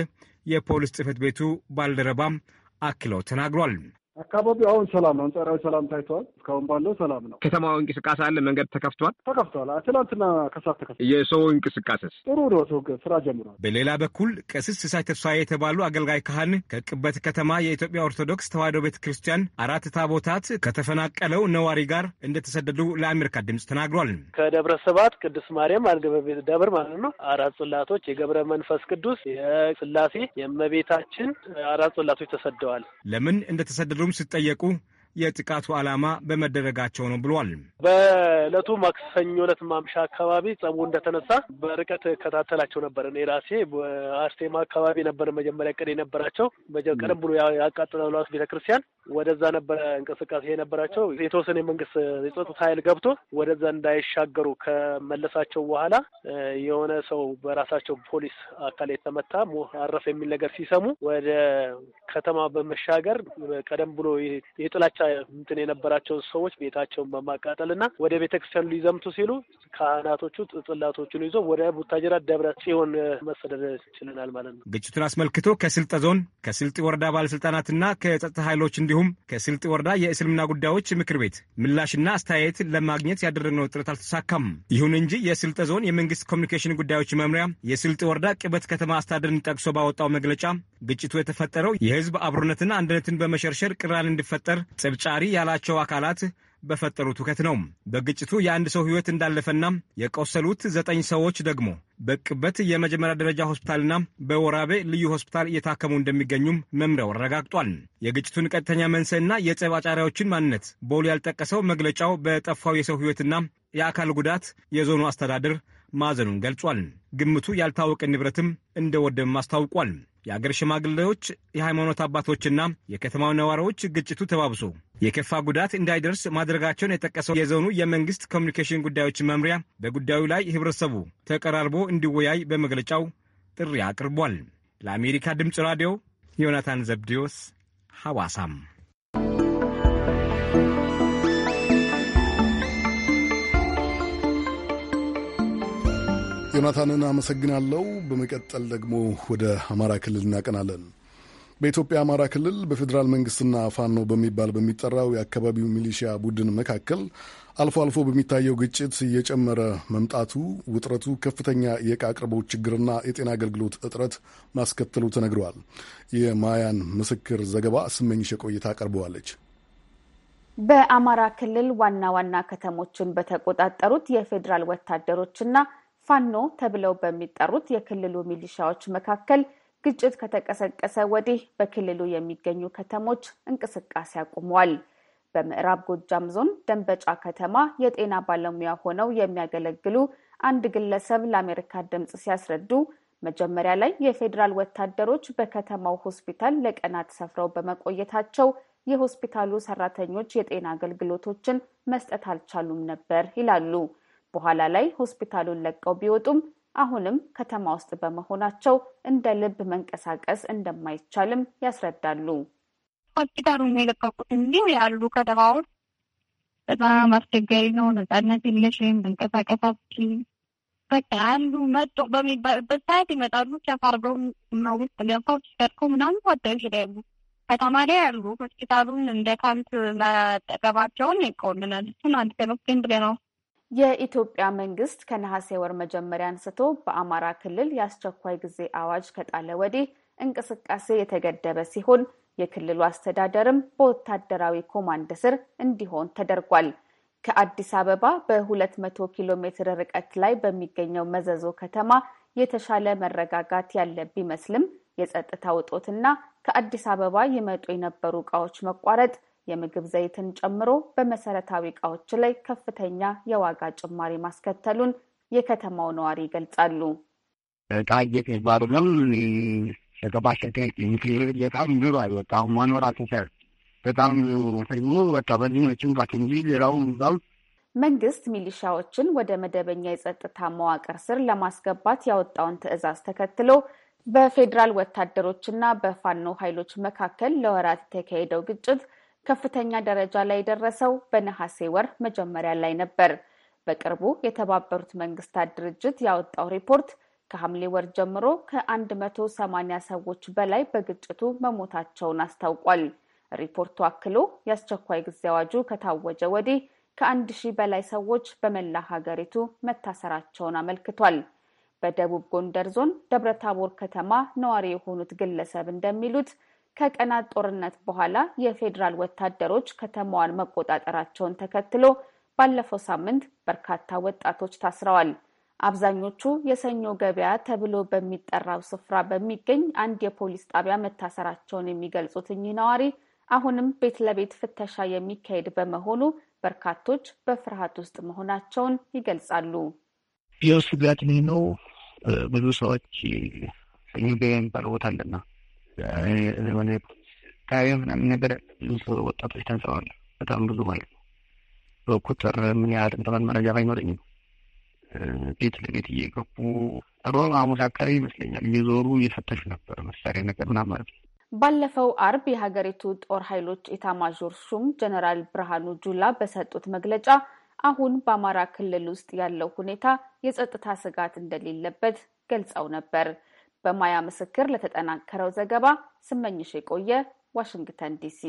S6: የፖሊስ ጽሕፈት ቤቱ ባልደረባ አክለው ተናግሯል።
S1: አካባቢው አሁን ሰላም ነው። አንጻራዊ ሰላም ታይተዋል። እስካሁን ባለው ሰላም ነው።
S6: ከተማው እንቅስቃሴ አለ። መንገድ ተከፍቷል
S1: ተከፍቷል። ትናንትና
S6: ከሳት ተከፍቷል። የሰው እንቅስቃሴስ ጥሩ ነው። ሰው ስራ ጀምሯል። በሌላ በኩል ቀሲስ ሲሳይ ተስፋዬ የተባሉ አገልጋይ ካህን ከቅበት ከተማ የኢትዮጵያ ኦርቶዶክስ ተዋሕዶ ቤተ ክርስቲያን አራት ታቦታት ከተፈናቀለው ነዋሪ ጋር እንደተሰደዱ ለአሜሪካ ድምፅ ተናግሯል።
S7: ከደብረ ሰባት ቅዱስ
S9: ማርያም አንገበቤ ደብር ማለት ነው አራት ጽላቶች የገብረ መንፈስ ቅዱስ የስላሴ የእመቤታችን አራት ጽላቶች ተሰደዋል።
S6: ለምን እንደተሰደዱ ሲያብራሩም ሲጠየቁ የጥቃቱ ዓላማ በመደረጋቸው ነው ብሏል።
S9: በዕለቱ ማክሰኞ ዕለት ማምሻ አካባቢ ጸቡ እንደተነሳ በርቀት እከታተላቸው ነበር። እኔ ራሴ አስቴማ አካባቢ ነበር መጀመሪያ እቅድ የነበራቸው ቀደም ብሎ ያቃጥላሉ ቤተክርስቲያን፣ ወደዛ ነበረ እንቅስቃሴ የነበራቸው። የተወሰነ የመንግስት የጸጥታ ኃይል ገብቶ ወደዛ እንዳይሻገሩ ከመለሳቸው በኋላ የሆነ ሰው በራሳቸው ፖሊስ አካል የተመታ አረፍ የሚል ነገር ሲሰሙ ወደ ከተማ በመሻገር ቀደም ብሎ የጥላቻ እንትን የነበራቸውን ሰዎች ቤታቸውን በማቃጠልና ወደ ቤተክርስቲያኑ ሊዘምቱ ሲሉ ካህናቶቹ ጽላቶቹን ይዞ ወደ ቡታጅራ ደብረ ጽዮን መሰደድ ችለናል ማለት ነው።
S6: ግጭቱን አስመልክቶ ከስልጠ ዞን ከስልጥ ወረዳ ባለስልጣናትና ከጸጥታ ኃይሎች እንዲሁም ከስልጥ ወረዳ የእስልምና ጉዳዮች ምክር ቤት ምላሽና አስተያየት ለማግኘት ያደረግነው ጥረት አልተሳካም። ይሁን እንጂ የስልጠ ዞን የመንግስት ኮሚኒኬሽን ጉዳዮች መምሪያ የስልጥ ወረዳ ቅበት ከተማ አስተዳደርን ጠቅሶ ባወጣው መግለጫ ግጭቱ የተፈጠረው የህዝብ አብሮነትና አንድነትን በመሸርሸር ቅራን እንዲፈጠር ጠብጫሪ ያላቸው አካላት በፈጠሩት ውከት ነው። በግጭቱ የአንድ ሰው ሕይወት እንዳለፈና የቆሰሉት ዘጠኝ ሰዎች ደግሞ በቅበት የመጀመሪያ ደረጃ ሆስፒታልና በወራቤ ልዩ ሆስፒታል እየታከሙ እንደሚገኙም መምሪያው አረጋግጧል። የግጭቱን ቀጥተኛ መንስኤና የጸብ አጫሪዎችን ማንነት ቦል ያልጠቀሰው መግለጫው በጠፋው የሰው ሕይወትና የአካል ጉዳት የዞኑ አስተዳደር ማዘኑን ገልጿል። ግምቱ ያልታወቀ ንብረትም እንደወደመም አስታውቋል። የአገር ሽማግሌዎች፣ የሃይማኖት አባቶችና የከተማው ነዋሪዎች ግጭቱ ተባብሶ የከፋ ጉዳት እንዳይደርስ ማድረጋቸውን የጠቀሰው የዞኑ የመንግስት ኮሚኒኬሽን ጉዳዮች መምሪያ በጉዳዩ ላይ ህብረተሰቡ ተቀራርቦ እንዲወያይ በመግለጫው ጥሪ አቅርቧል። ለአሜሪካ ድምፅ ራዲዮ ዮናታን ዘብዲዮስ ሐዋሳም
S1: ዮናታንን አመሰግናለሁ። በመቀጠል ደግሞ ወደ አማራ ክልል እናቀናለን። በኢትዮጵያ አማራ ክልል በፌዴራል መንግስትና ፋኖ በሚባል በሚጠራው የአካባቢው ሚሊሺያ ቡድን መካከል አልፎ አልፎ በሚታየው ግጭት እየጨመረ መምጣቱ ውጥረቱ ከፍተኛ የዕቃ አቅርቦት ችግርና የጤና አገልግሎት እጥረት ማስከተሉ ተነግረዋል። የማያን ምስክር ዘገባ ስመኝሸ ቆይታ አቀርበዋለች።
S10: በአማራ ክልል ዋና ዋና ከተሞችን በተቆጣጠሩት የፌዴራል ወታደሮችና ፋኖ ተብለው በሚጠሩት የክልሉ ሚሊሻዎች መካከል ግጭት ከተቀሰቀሰ ወዲህ በክልሉ የሚገኙ ከተሞች እንቅስቃሴ አቁመዋል። በምዕራብ ጎጃም ዞን ደንበጫ ከተማ የጤና ባለሙያ ሆነው የሚያገለግሉ አንድ ግለሰብ ለአሜሪካ ድምፅ ሲያስረዱ መጀመሪያ ላይ የፌዴራል ወታደሮች በከተማው ሆስፒታል ለቀናት ሰፍረው በመቆየታቸው የሆስፒታሉ ሰራተኞች የጤና አገልግሎቶችን መስጠት አልቻሉም ነበር ይላሉ። በኋላ ላይ ሆስፒታሉን ለቀው ቢወጡም አሁንም ከተማ ውስጥ በመሆናቸው እንደ ልብ መንቀሳቀስ እንደማይቻልም ያስረዳሉ። ሆስፒታሉን የለቀቁት እንዲሁ ያሉ ከተማዎች
S11: በጣም አስቸጋሪ ነው። ነጻነት የለሽም፣ መንቀሳቀስ በቃ አንዱ መጦ በሚባልበት ሰዓት ይመጣሉ። ሸፋርገው ነው ውስጥ ገብተው
S10: ሲቀድቁ ምናምን ወጥተው ይሄዳሉ። ከተማ ላይ ያሉ ሆስፒታሉን እንደ ካምፕ መጠቀማቸውን ይቆልናል። እሱን አንድ ተመክንድ ነው የኢትዮጵያ መንግስት ከነሐሴ ወር መጀመሪያ አንስቶ በአማራ ክልል የአስቸኳይ ጊዜ አዋጅ ከጣለ ወዲህ እንቅስቃሴ የተገደበ ሲሆን የክልሉ አስተዳደርም በወታደራዊ ኮማንድ ስር እንዲሆን ተደርጓል። ከአዲስ አበባ በ200 ኪሎ ሜትር ርቀት ላይ በሚገኘው መዘዞ ከተማ የተሻለ መረጋጋት ያለ ቢመስልም የጸጥታ ውጦትና ከአዲስ አበባ ይመጡ የነበሩ እቃዎች መቋረጥ የምግብ ዘይትን ጨምሮ በመሰረታዊ እቃዎች ላይ ከፍተኛ የዋጋ ጭማሪ ማስከተሉን የከተማው ነዋሪ ይገልጻሉ። መንግስት ሚሊሻዎችን ወደ መደበኛ የጸጥታ መዋቅር ስር ለማስገባት ያወጣውን ትዕዛዝ ተከትሎ በፌዴራል ወታደሮችና በፋኖ ኃይሎች መካከል ለወራት የተካሄደው ግጭት ከፍተኛ ደረጃ ላይ የደረሰው በነሐሴ ወር መጀመሪያ ላይ ነበር። በቅርቡ የተባበሩት መንግስታት ድርጅት ያወጣው ሪፖርት ከሐምሌ ወር ጀምሮ ከ180 ሰዎች በላይ በግጭቱ መሞታቸውን አስታውቋል። ሪፖርቱ አክሎ የአስቸኳይ ጊዜ አዋጁ ከታወጀ ወዲህ ከአንድ ሺህ በላይ ሰዎች በመላ ሀገሪቱ መታሰራቸውን አመልክቷል። በደቡብ ጎንደር ዞን ደብረታቦር ከተማ ነዋሪ የሆኑት ግለሰብ እንደሚሉት ከቀናት ጦርነት በኋላ የፌዴራል ወታደሮች ከተማዋን መቆጣጠራቸውን ተከትሎ ባለፈው ሳምንት በርካታ ወጣቶች ታስረዋል። አብዛኞቹ የሰኞ ገበያ ተብሎ በሚጠራው ስፍራ በሚገኝ አንድ የፖሊስ ጣቢያ መታሰራቸውን የሚገልጹት እኚህ ነዋሪ አሁንም ቤት ለቤት ፍተሻ የሚካሄድ በመሆኑ በርካቶች በፍርሃት ውስጥ መሆናቸውን ይገልጻሉ።
S11: የእሱ ቢያጥኒ ነው ብዙ ሰዎች ገበያ የሚባል ቦታ አለና ወደ ጣቢያ ምናምን ነገር ብዙ ወጣቶች ተንሰዋል። በጣም ብዙ ማለት ነው። በቁጥር ምን ያህል እንተመን መረጃ ባይኖረኝም ቤት ለቤት እየገቡ ሮብ ሐሙስ አካባቢ ይመስለኛል እየዞሩ እየፈተሹ ነበር መሳሪያ ነገር ምናምን ማለት ነው።
S10: ባለፈው አርብ የሀገሪቱ ጦር ኃይሎች ኢታማዦር ሹም ጀነራል ብርሃኑ ጁላ በሰጡት መግለጫ አሁን በአማራ ክልል ውስጥ ያለው ሁኔታ የጸጥታ ስጋት እንደሌለበት ገልጸው ነበር። በማያ ምስክር ለተጠናከረው ዘገባ ስመኝሽ የቆየ ዋሽንግተን ዲሲ።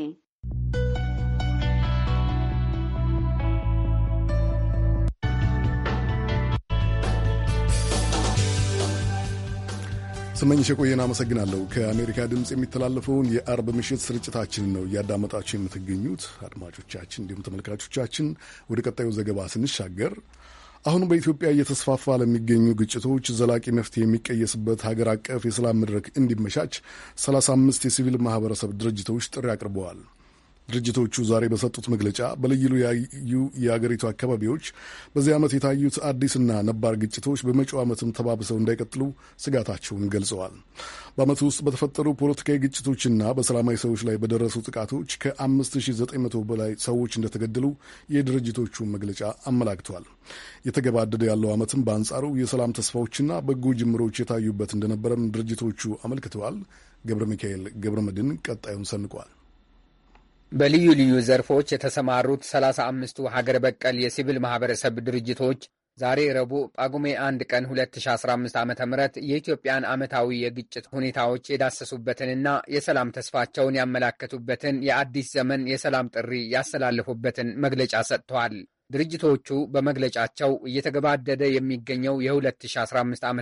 S1: ስመኝሽ የቆየን አመሰግናለሁ። ከአሜሪካ ድምፅ የሚተላለፈውን የአርብ ምሽት ስርጭታችንን ነው እያዳመጣችሁ የምትገኙት አድማጮቻችን፣ እንዲሁም ተመልካቾቻችን። ወደ ቀጣዩ ዘገባ ስንሻገር አሁን በኢትዮጵያ እየተስፋፋ ለሚገኙ ግጭቶች ዘላቂ መፍትሄ የሚቀየስበት ሀገር አቀፍ የሰላም መድረክ እንዲመቻች 35 የሲቪል ማህበረሰብ ድርጅቶች ጥሪ አቅርበዋል። ድርጅቶቹ ዛሬ በሰጡት መግለጫ በልዩ ያዩ የአገሪቱ አካባቢዎች በዚህ ዓመት የታዩት አዲስና ነባር ግጭቶች በመጪው ዓመትም ተባብሰው እንዳይቀጥሉ ስጋታቸውን ገልጸዋል። በዓመቱ ውስጥ በተፈጠሩ ፖለቲካዊ ግጭቶችና በሰላማዊ ሰዎች ላይ በደረሱ ጥቃቶች ከ5900 በላይ ሰዎች እንደተገደሉ የድርጅቶቹ መግለጫ አመላክቷል። የተገባደደ ያለው ዓመትም በአንጻሩ የሰላም ተስፋዎችና በጎ ጅምሮች የታዩበት እንደነበረም ድርጅቶቹ አመልክተዋል። ገብረ ሚካኤል ገብረ መድን ቀጣዩን ሰንቋል።
S3: በልዩ ልዩ ዘርፎች የተሰማሩት ሰላሳ አምስቱ ሀገር በቀል የሲቪል ማህበረሰብ ድርጅቶች ዛሬ ረቡዕ ጳጉሜ 1 ቀን 2015 ዓ ም የኢትዮጵያን ዓመታዊ የግጭት ሁኔታዎች የዳሰሱበትንና የሰላም ተስፋቸውን ያመላከቱበትን የአዲስ ዘመን የሰላም ጥሪ ያስተላለፉበትን መግለጫ ሰጥተዋል። ድርጅቶቹ በመግለጫቸው እየተገባደደ የሚገኘው የ2015 ዓ ም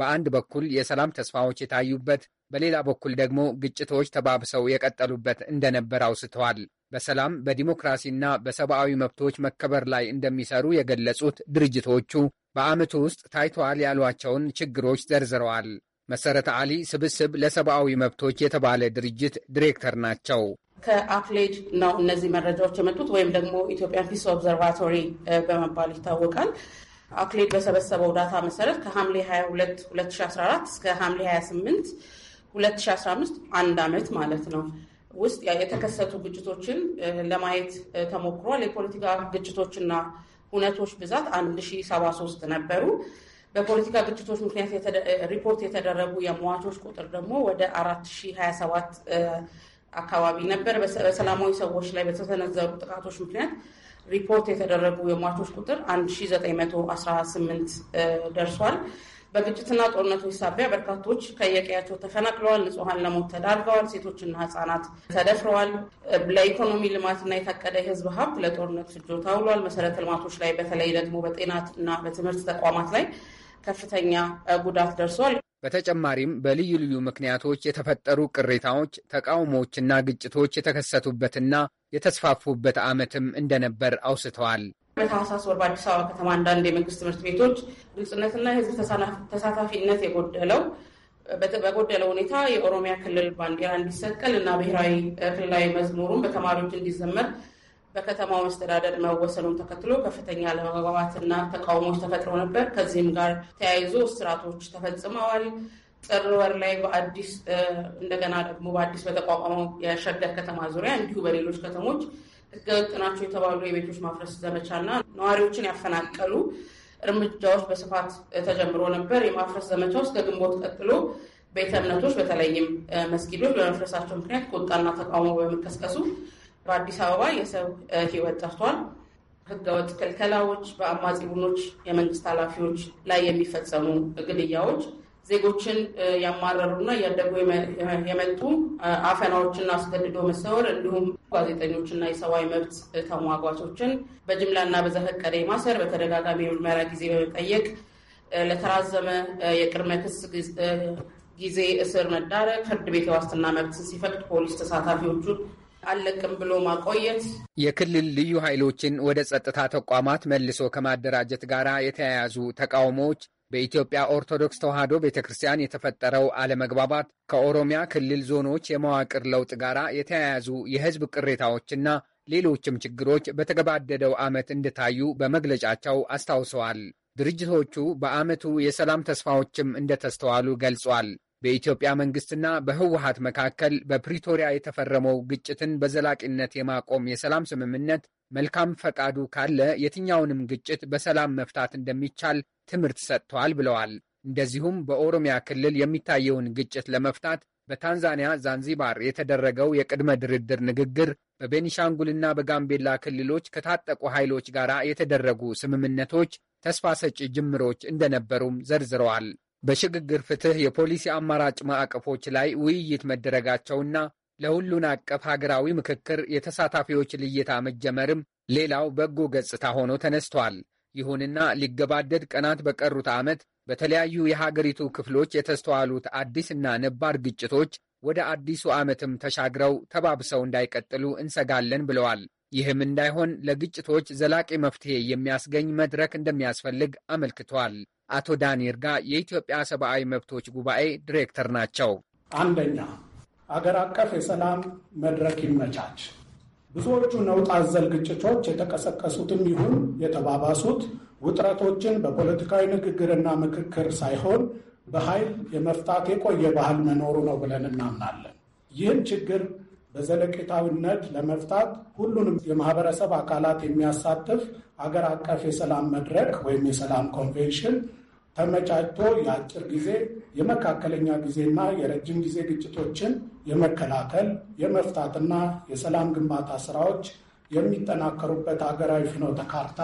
S3: በአንድ በኩል የሰላም ተስፋዎች የታዩበት በሌላ በኩል ደግሞ ግጭቶች ተባብሰው የቀጠሉበት እንደነበር አውስተዋል። በሰላም በዲሞክራሲና በሰብአዊ መብቶች መከበር ላይ እንደሚሰሩ የገለጹት ድርጅቶቹ በዓመቱ ውስጥ ታይተዋል ያሏቸውን ችግሮች ዘርዝረዋል። መሰረተ አሊ ስብስብ ለሰብአዊ መብቶች የተባለ ድርጅት ዲሬክተር ናቸው።
S12: ከአክሌድ ነው እነዚህ መረጃዎች የመጡት ወይም ደግሞ ኢትዮጵያን ፒስ ኦብዘርቫቶሪ በመባል ይታወቃል። አክሌድ በሰበሰበው ዳታ መሰረት ከሐምሌ 22 2014 እስከ ሐምሌ 28 2015 አንድ ዓመት ማለት ነው ውስጥ የተከሰቱ ግጭቶችን ለማየት ተሞክሯል። የፖለቲካ ግጭቶችና ሁነቶች ብዛት 1073 ነበሩ። በፖለቲካ ግጭቶች ምክንያት ሪፖርት የተደረጉ የሟቾች ቁጥር ደግሞ ወደ 4027 አካባቢ ነበር። በሰላማዊ ሰዎች ላይ በተሰነዘሩ ጥቃቶች ምክንያት ሪፖርት የተደረጉ የሟቾች ቁጥር 1918 ደርሷል። በግጭትና ጦርነቶች ሳቢያ በርካቶች ከየቀያቸው ተፈናቅለዋል፣ ንጹሐን ለሞት ተዳርገዋል፣ ሴቶችና ህጻናት ተደፍረዋል። ለኢኮኖሚ ልማትና የታቀደ የህዝብ ሀብት ለጦርነት ፍጆታ ውሏል። መሰረተ ልማቶች ላይ በተለይ ደግሞ በጤናና በትምህርት ተቋማት ላይ
S3: ከፍተኛ ጉዳት ደርሷል። በተጨማሪም በልዩ ልዩ ምክንያቶች የተፈጠሩ ቅሬታዎች፣ ተቃውሞዎችና ግጭቶች የተከሰቱበትና የተስፋፉበት ዓመትም እንደነበር አውስተዋል።
S12: በታህሳስ ወር በአዲስ አበባ ከተማ አንዳንድ የመንግስት ትምህርት ቤቶች ግልጽነትና የህዝብ ተሳታፊነት የጎደለው በጎደለው ሁኔታ የኦሮሚያ ክልል ባንዲራ እንዲሰቀል እና ብሔራዊ ክልላዊ መዝሙሩን በተማሪዎች እንዲዘመር በከተማው መስተዳደር መወሰኑን ተከትሎ ከፍተኛ ለመግባባትና ተቃውሞዎች ተፈጥረው ነበር። ከዚህም ጋር ተያይዞ እስራቶች ተፈጽመዋል። ጥር ወር ላይ በአዲስ እንደገና ደግሞ በአዲስ በተቋቋመው የሸገር ከተማ ዙሪያ እንዲሁ በሌሎች ከተሞች ህገወጥ ናቸው የተባሉ የቤቶች ማፍረስ ዘመቻና ነዋሪዎችን ያፈናቀሉ እርምጃዎች በስፋት ተጀምሮ ነበር። የማፍረስ ዘመቻ ውስጥ ከግንቦት ቀጥሎ ቤተ እምነቶች በተለይም መስጊዶች በመፍረሳቸው ምክንያት ቁጣና ተቃውሞ በመቀስቀሱ በአዲስ አበባ የሰው ህይወት ጠፍቷል። ህገወጥ ክልከላዎች፣ በአማጺ ቡድኖች የመንግስት ኃላፊዎች ላይ የሚፈጸሙ ግድያዎች ዜጎችን ያማረሩና እያደጉ የመጡ አፈናዎችና አስገድዶ መሰወር እንዲሁም ጋዜጠኞችና የሰብአዊ መብት ተሟጓቾችን በጅምላና በዘፈቀደ ማሰር በተደጋጋሚ የምርመራ ጊዜ በመጠየቅ ለተራዘመ የቅድመ ክስ ጊዜ እስር መዳረግ፣ ፍርድ ቤት የዋስትና መብት ሲፈቅድ ፖሊስ ተሳታፊዎቹን አለቅም ብሎ ማቆየት፣
S3: የክልል ልዩ ኃይሎችን ወደ ጸጥታ ተቋማት መልሶ ከማደራጀት ጋር የተያያዙ ተቃውሞዎች በኢትዮጵያ ኦርቶዶክስ ተዋሕዶ ቤተ ክርስቲያን የተፈጠረው አለመግባባት ከኦሮሚያ ክልል ዞኖች የመዋቅር ለውጥ ጋር የተያያዙ የሕዝብ ቅሬታዎችና ሌሎችም ችግሮች በተገባደደው ዓመት እንደታዩ በመግለጫቸው አስታውሰዋል። ድርጅቶቹ በዓመቱ የሰላም ተስፋዎችም እንደተስተዋሉ ገልጿል። በኢትዮጵያ መንግሥትና በህወሀት መካከል በፕሪቶሪያ የተፈረመው ግጭትን በዘላቂነት የማቆም የሰላም ስምምነት መልካም ፈቃዱ ካለ የትኛውንም ግጭት በሰላም መፍታት እንደሚቻል ትምህርት ሰጥተዋል ብለዋል። እንደዚሁም በኦሮሚያ ክልል የሚታየውን ግጭት ለመፍታት በታንዛኒያ ዛንዚባር የተደረገው የቅድመ ድርድር ንግግር፣ በቤኒሻንጉልና በጋምቤላ ክልሎች ከታጠቁ ኃይሎች ጋር የተደረጉ ስምምነቶች ተስፋ ሰጪ ጅምሮች እንደነበሩም ዘርዝረዋል። በሽግግር ፍትህ የፖሊሲ አማራጭ ማዕቀፎች ላይ ውይይት መደረጋቸውና ለሁሉን አቀፍ ሀገራዊ ምክክር የተሳታፊዎች ልየታ መጀመርም ሌላው በጎ ገጽታ ሆኖ ተነስቷል። ይሁንና ሊገባደድ ቀናት በቀሩት ዓመት በተለያዩ የሀገሪቱ ክፍሎች የተስተዋሉት አዲስና ነባር ግጭቶች ወደ አዲሱ ዓመትም ተሻግረው ተባብሰው እንዳይቀጥሉ እንሰጋለን ብለዋል። ይህም እንዳይሆን ለግጭቶች ዘላቂ መፍትሄ የሚያስገኝ መድረክ እንደሚያስፈልግ አመልክቷል። አቶ ዳንኤል ጋ የኢትዮጵያ ሰብአዊ መብቶች ጉባኤ ዲሬክተር ናቸው። አንደኛ
S7: አገር አቀፍ የሰላም መድረክ ይመቻች። ብዙዎቹ ነውጥ አዘል ግጭቶች የተቀሰቀሱትም ይሁን የተባባሱት ውጥረቶችን በፖለቲካዊ ንግግርና ምክክር ሳይሆን በኃይል የመፍታት የቆየ ባህል መኖሩ ነው ብለን እናምናለን። ይህን ችግር በዘለቄታዊነት ለመፍታት ሁሉንም የማህበረሰብ አካላት የሚያሳትፍ አገር አቀፍ የሰላም መድረክ ወይም የሰላም ኮንቬንሽን ተመቻችቶ የአጭር ጊዜ የመካከለኛ ጊዜና የረጅም ጊዜ ግጭቶችን የመከላከል የመፍታትና የሰላም ግንባታ ስራዎች የሚጠናከሩበት ሀገራዊ ፍኖተ ካርታ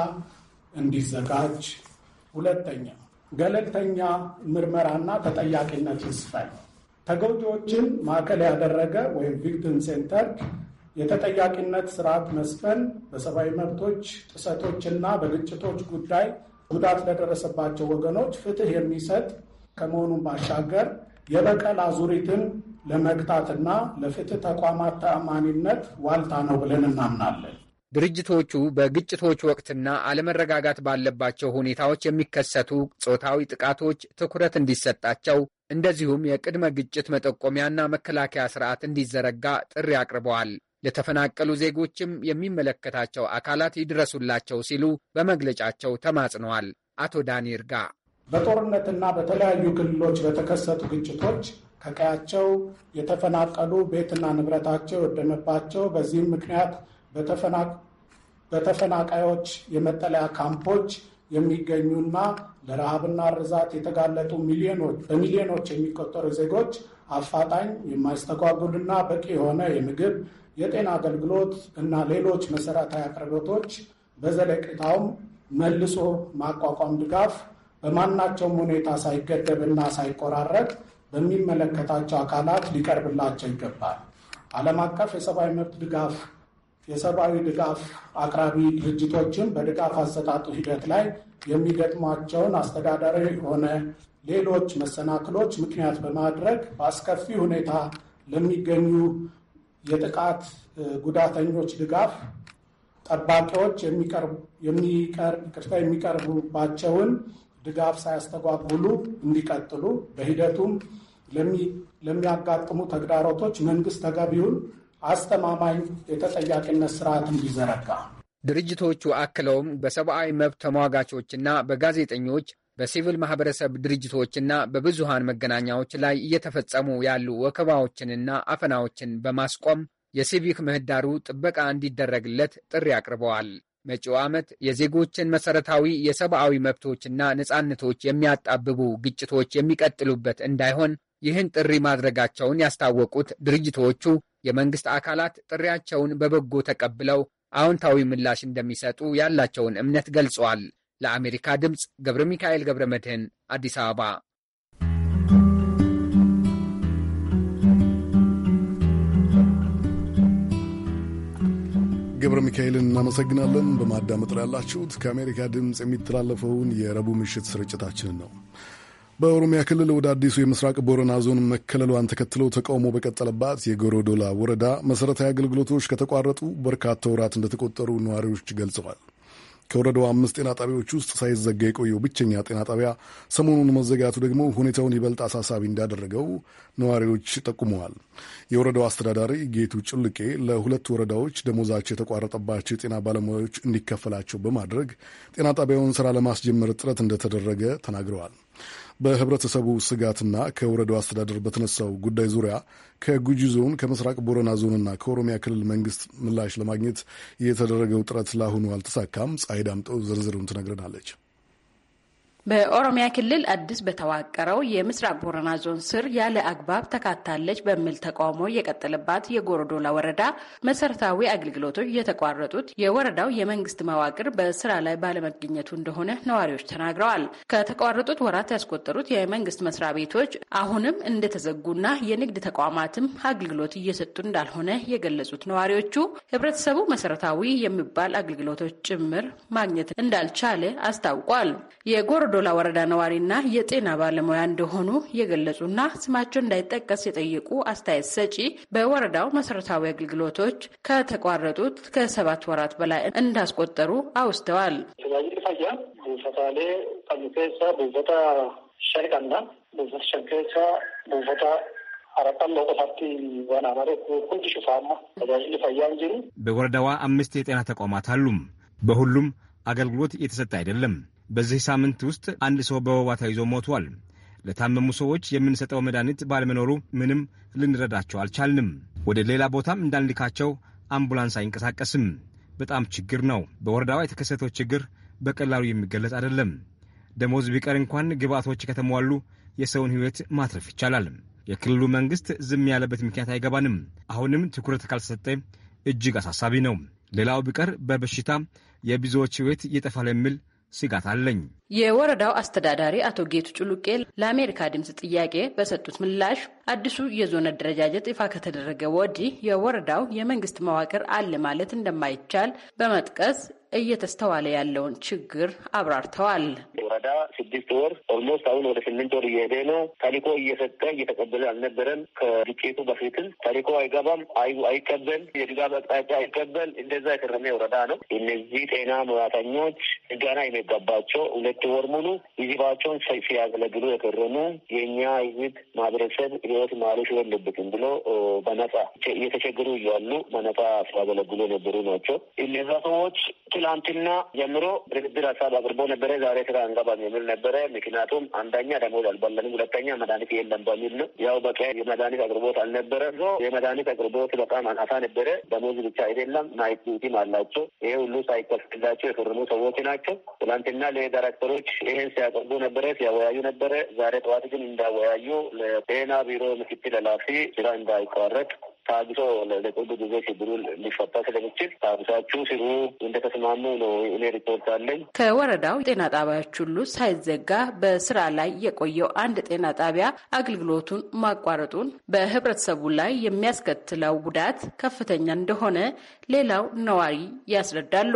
S7: እንዲዘጋጅ። ሁለተኛ ገለልተኛ ምርመራና ተጠያቂነት ይስፈን። ተጎጂዎችን ማዕከል ያደረገ ወይም ቪክቲም ሴንተርድ የተጠያቂነት ስርዓት መስፈን በሰብአዊ መብቶች ጥሰቶችና በግጭቶች ጉዳይ ጉዳት ለደረሰባቸው ወገኖች ፍትህ የሚሰጥ ከመሆኑም ባሻገር የበቀል አዙሪትን ለመግታትና ለፍትህ ተቋማት ተአማኒነት ዋልታ ነው ብለን እናምናለን።
S3: ድርጅቶቹ በግጭቶች ወቅትና አለመረጋጋት ባለባቸው ሁኔታዎች የሚከሰቱ ጾታዊ ጥቃቶች ትኩረት እንዲሰጣቸው እንደዚሁም የቅድመ ግጭት መጠቆሚያና መከላከያ ስርዓት እንዲዘረጋ ጥሪ አቅርበዋል። ለተፈናቀሉ ዜጎችም የሚመለከታቸው አካላት ይድረሱላቸው ሲሉ በመግለጫቸው ተማጽነዋል። አቶ ዳኒ እርጋ
S7: በጦርነትና በተለያዩ ክልሎች በተከሰቱ ግጭቶች ከቀያቸው የተፈናቀሉ ቤትና ንብረታቸው የወደመባቸው በዚህም ምክንያት በተፈናቃዮች የመጠለያ ካምፖች የሚገኙና ለረሃብና ርዛት የተጋለጡ በሚሊዮኖች የሚቆጠሩ ዜጎች አፋጣኝ የማይስተጓጉልና በቂ የሆነ የምግብ፣ የጤና አገልግሎት እና ሌሎች መሰረታዊ አቅርቦቶች በዘለቄታውም መልሶ ማቋቋም ድጋፍ በማናቸውም ሁኔታ ሳይገደብና ሳይቆራረጥ በሚመለከታቸው አካላት ሊቀርብላቸው ይገባል። ዓለም አቀፍ የሰብአዊ መብት ድጋፍ የሰብአዊ ድጋፍ አቅራቢ ድርጅቶችን በድጋፍ አሰጣጡ ሂደት ላይ የሚገጥሟቸውን አስተዳደራዊ ሆነ ሌሎች መሰናክሎች ምክንያት በማድረግ በአስከፊ ሁኔታ ለሚገኙ የጥቃት ጉዳተኞች ድጋፍ ጠባቂዎች የሚቀርቡባቸውን ድጋፍ ሳያስተጓጉሉ እንዲቀጥሉ በሂደቱም ለሚያጋጥሙ ተግዳሮቶች መንግስት ተገቢውን አስተማማኝ የተጠያቂነት ስርዓት እንዲዘረጋ
S3: ድርጅቶቹ አክለውም በሰብአዊ መብት ተሟጋቾችና በጋዜጠኞች በሲቪል ማህበረሰብ ድርጅቶችና በብዙሃን መገናኛዎች ላይ እየተፈጸሙ ያሉ ወከባዎችንና አፈናዎችን በማስቆም የሲቪክ ምህዳሩ ጥበቃ እንዲደረግለት ጥሪ አቅርበዋል። መጪው ዓመት የዜጎችን መሠረታዊ የሰብአዊ መብቶችና ነጻነቶች የሚያጣብቡ ግጭቶች የሚቀጥሉበት እንዳይሆን ይህን ጥሪ ማድረጋቸውን ያስታወቁት ድርጅቶቹ የመንግሥት አካላት ጥሪያቸውን በበጎ ተቀብለው አዎንታዊ ምላሽ እንደሚሰጡ ያላቸውን እምነት ገልጸዋል። ለአሜሪካ ድምፅ ገብረ ሚካኤል ገብረ መድህን
S1: አዲስ አበባ ገብረ ሚካኤልን እናመሰግናለን። በማዳመጥ ላይ ያላችሁት ከአሜሪካ ድምፅ የሚተላለፈውን የረቡዕ ምሽት ስርጭታችንን ነው። በኦሮሚያ ክልል ወደ አዲሱ የምስራቅ ቦረና ዞን መከለሏን ተከትለው ተቃውሞ በቀጠለባት የጎሮዶላ ወረዳ መሠረታዊ አገልግሎቶች ከተቋረጡ በርካታ ወራት እንደተቆጠሩ ነዋሪዎች ገልጸዋል። ከወረዳው አምስት ጤና ጣቢያዎች ውስጥ ሳይዘጋ የቆየው ብቸኛ ጤና ጣቢያ ሰሞኑን መዘጋቱ ደግሞ ሁኔታውን ይበልጥ አሳሳቢ እንዳደረገው ነዋሪዎች ጠቁመዋል። የወረዳው አስተዳዳሪ ጌቱ ጭልቄ ለሁለት ወረዳዎች ደሞዛቸው የተቋረጠባቸው የጤና ባለሙያዎች እንዲከፈላቸው በማድረግ ጤና ጣቢያውን ስራ ለማስጀመር ጥረት እንደተደረገ ተናግረዋል። በህብረተሰቡ ስጋትና ከወረዳው አስተዳደር በተነሳው ጉዳይ ዙሪያ ከጉጂ ዞን ከምስራቅ ቦረና ዞንና ከኦሮሚያ ክልል መንግስት ምላሽ ለማግኘት የተደረገው ጥረት ለአሁኑ አልተሳካም። ፀሐይ ዳምጠው ዝርዝሩን ትነግረናለች።
S13: በኦሮሚያ ክልል አዲስ በተዋቀረው የምስራቅ ቦረና ዞን ስር ያለ አግባብ ተካታለች በሚል ተቃውሞ የቀጠለባት የጎሮዶላ ወረዳ መሰረታዊ አገልግሎቶች የተቋረጡት የወረዳው የመንግስት መዋቅር በስራ ላይ ባለመገኘቱ እንደሆነ ነዋሪዎች ተናግረዋል። ከተቋረጡት ወራት ያስቆጠሩት የመንግስት መስሪያ ቤቶች አሁንም እንደተዘጉና የንግድ ተቋማትም አገልግሎት እየሰጡ እንዳልሆነ የገለጹት ነዋሪዎቹ ህብረተሰቡ መሰረታዊ የሚባል አገልግሎቶች ጭምር ማግኘት እንዳልቻለ አስታውቋል። የጎረዶ የዶላ ወረዳ ነዋሪና የጤና ባለሙያ እንደሆኑ የገለጹና ስማቸው እንዳይጠቀስ የጠየቁ አስተያየት ሰጪ በወረዳው መሰረታዊ አገልግሎቶች ከተቋረጡት ከሰባት ወራት በላይ እንዳስቆጠሩ አውስተዋል።
S6: በወረዳዋ አምስት የጤና ተቋማት አሉም በሁሉም አገልግሎት እየተሰጠ አይደለም። በዚህ ሳምንት ውስጥ አንድ ሰው በወባ ተይዞ ሞቷል። ለታመሙ ሰዎች የምንሰጠው መድኃኒት ባለመኖሩ ምንም ልንረዳቸው አልቻልንም። ወደ ሌላ ቦታም እንዳንልካቸው አምቡላንስ አይንቀሳቀስም። በጣም ችግር ነው። በወረዳዋ የተከሰተው ችግር በቀላሉ የሚገለጽ አይደለም። ደሞዝ ቢቀር እንኳን ግብአቶች ከተሟሉ የሰውን ሕይወት ማትረፍ ይቻላል። የክልሉ መንግሥት ዝም ያለበት ምክንያት አይገባንም። አሁንም ትኩረት ካልተሰጠ እጅግ አሳሳቢ ነው። ሌላው ቢቀር በበሽታ የብዙዎች ሕይወት ይጠፋል የሚል ስጋት አለኝ።
S13: የወረዳው አስተዳዳሪ አቶ ጌቱ ጭሉቄ ለአሜሪካ ድምፅ ጥያቄ በሰጡት ምላሽ አዲሱ የዞን አደረጃጀት ይፋ ከተደረገ ወዲህ የወረዳው የመንግስት መዋቅር አለ ማለት እንደማይቻል በመጥቀስ እየተስተዋለ ያለውን ችግር አብራርተዋል።
S11: ወረዳ ስድስት ወር ኦልሞስት አሁን ወደ ስምንት ወር እየሄደ ነው። ተልእኮ እየሰጠ እየተቀበለ አልነበረም። ከዱቄቱ በፊትም ተልእኮ አይገባም፣ አይቀበል፣ የድጋፍ አቅጣጫ አይቀበል። እንደዛ የከረመ ወረዳ ነው። እነዚህ ጤና ሙያተኞች ድጋና የሚገባቸው ሁለት ወር ሙሉ ህዝባቸውን ሲያገለግሉ የከረሙ የእኛ ህዝብ ማህበረሰብ ህይወት ማለፍ የለበትም ብሎ በነጻ እየተቸገሩ እያሉ በነፃ ሲያገለግሉ የነበሩ ናቸው እነዛ ሰዎች ትላንትና ጀምሮ ድርድር ሀሳብ አቅርቦ ነበረ። ዛሬ ስራ አንገባም የሚል ነበረ። ምክንያቱም አንደኛ ደሞዝ አልባለንም፣ ሁለተኛ መድኃኒት የለም በሚል ነው። ያው በቂ የመድኃኒት አቅርቦት አልነበረ። የመድኃኒት አቅርቦት በጣም አናሳ ነበረ። ደሞዝ ብቻ አይደለም ናይት አላቸው። ይሄ ሁሉ ሳይከፍላቸው የፈረሙ ሰዎች ናቸው። ትላንትና ለዳይሬክተሮች ይሄን ሲያቀርቡ ነበረ፣ ሲያወያዩ ነበረ። ዛሬ ጠዋት ግን እንዳወያዩ ለጤና ቢሮ ምክትል ኃላፊ ስራ እንዳይቋረጥ ታግሶ ለቅርብ ጊዜ ችግሩን ሊፈታ ስለሚችል ታግሳችሁ ስሩ እንደተስማሙ ነው። እኔ ሪፖርት አለኝ።
S13: ከወረዳው ጤና ጣቢያዎች ሁሉ ሳይዘጋ በስራ ላይ የቆየው አንድ ጤና ጣቢያ አገልግሎቱን ማቋረጡን በህብረተሰቡ ላይ የሚያስከትለው ጉዳት ከፍተኛ እንደሆነ ሌላው ነዋሪ ያስረዳሉ።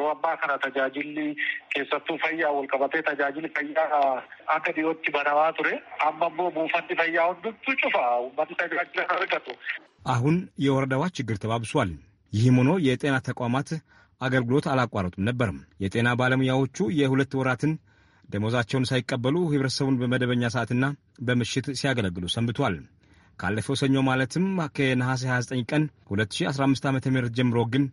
S11: ሮ አባ ከራ ተጃጅል ኬሰቱ ፈያ ወልቀበቴ ተጃጅል ፈያ አከ ዲዮች በነባ ቱሬ አመሞ ቡፈን ፈያ
S6: ሁንዱ ጩፋ ኡመት ተጃጅለ አርገቱ አሁን የወረዳዋ ችግር ተባብሷል። ይህም ሆኖ የጤና ተቋማት አገልግሎት አላቋረጡም ነበርም። የጤና ባለሙያዎቹ የሁለት ወራትን ደሞዛቸውን ሳይቀበሉ ህብረተሰቡን በመደበኛ ሰዓትና በምሽት ሲያገለግሉ ሰንብቷል። ካለፈው ሰኞ ማለትም ከነሐሴ 29 ቀን 2015 ዓ ም ጀምሮ ግን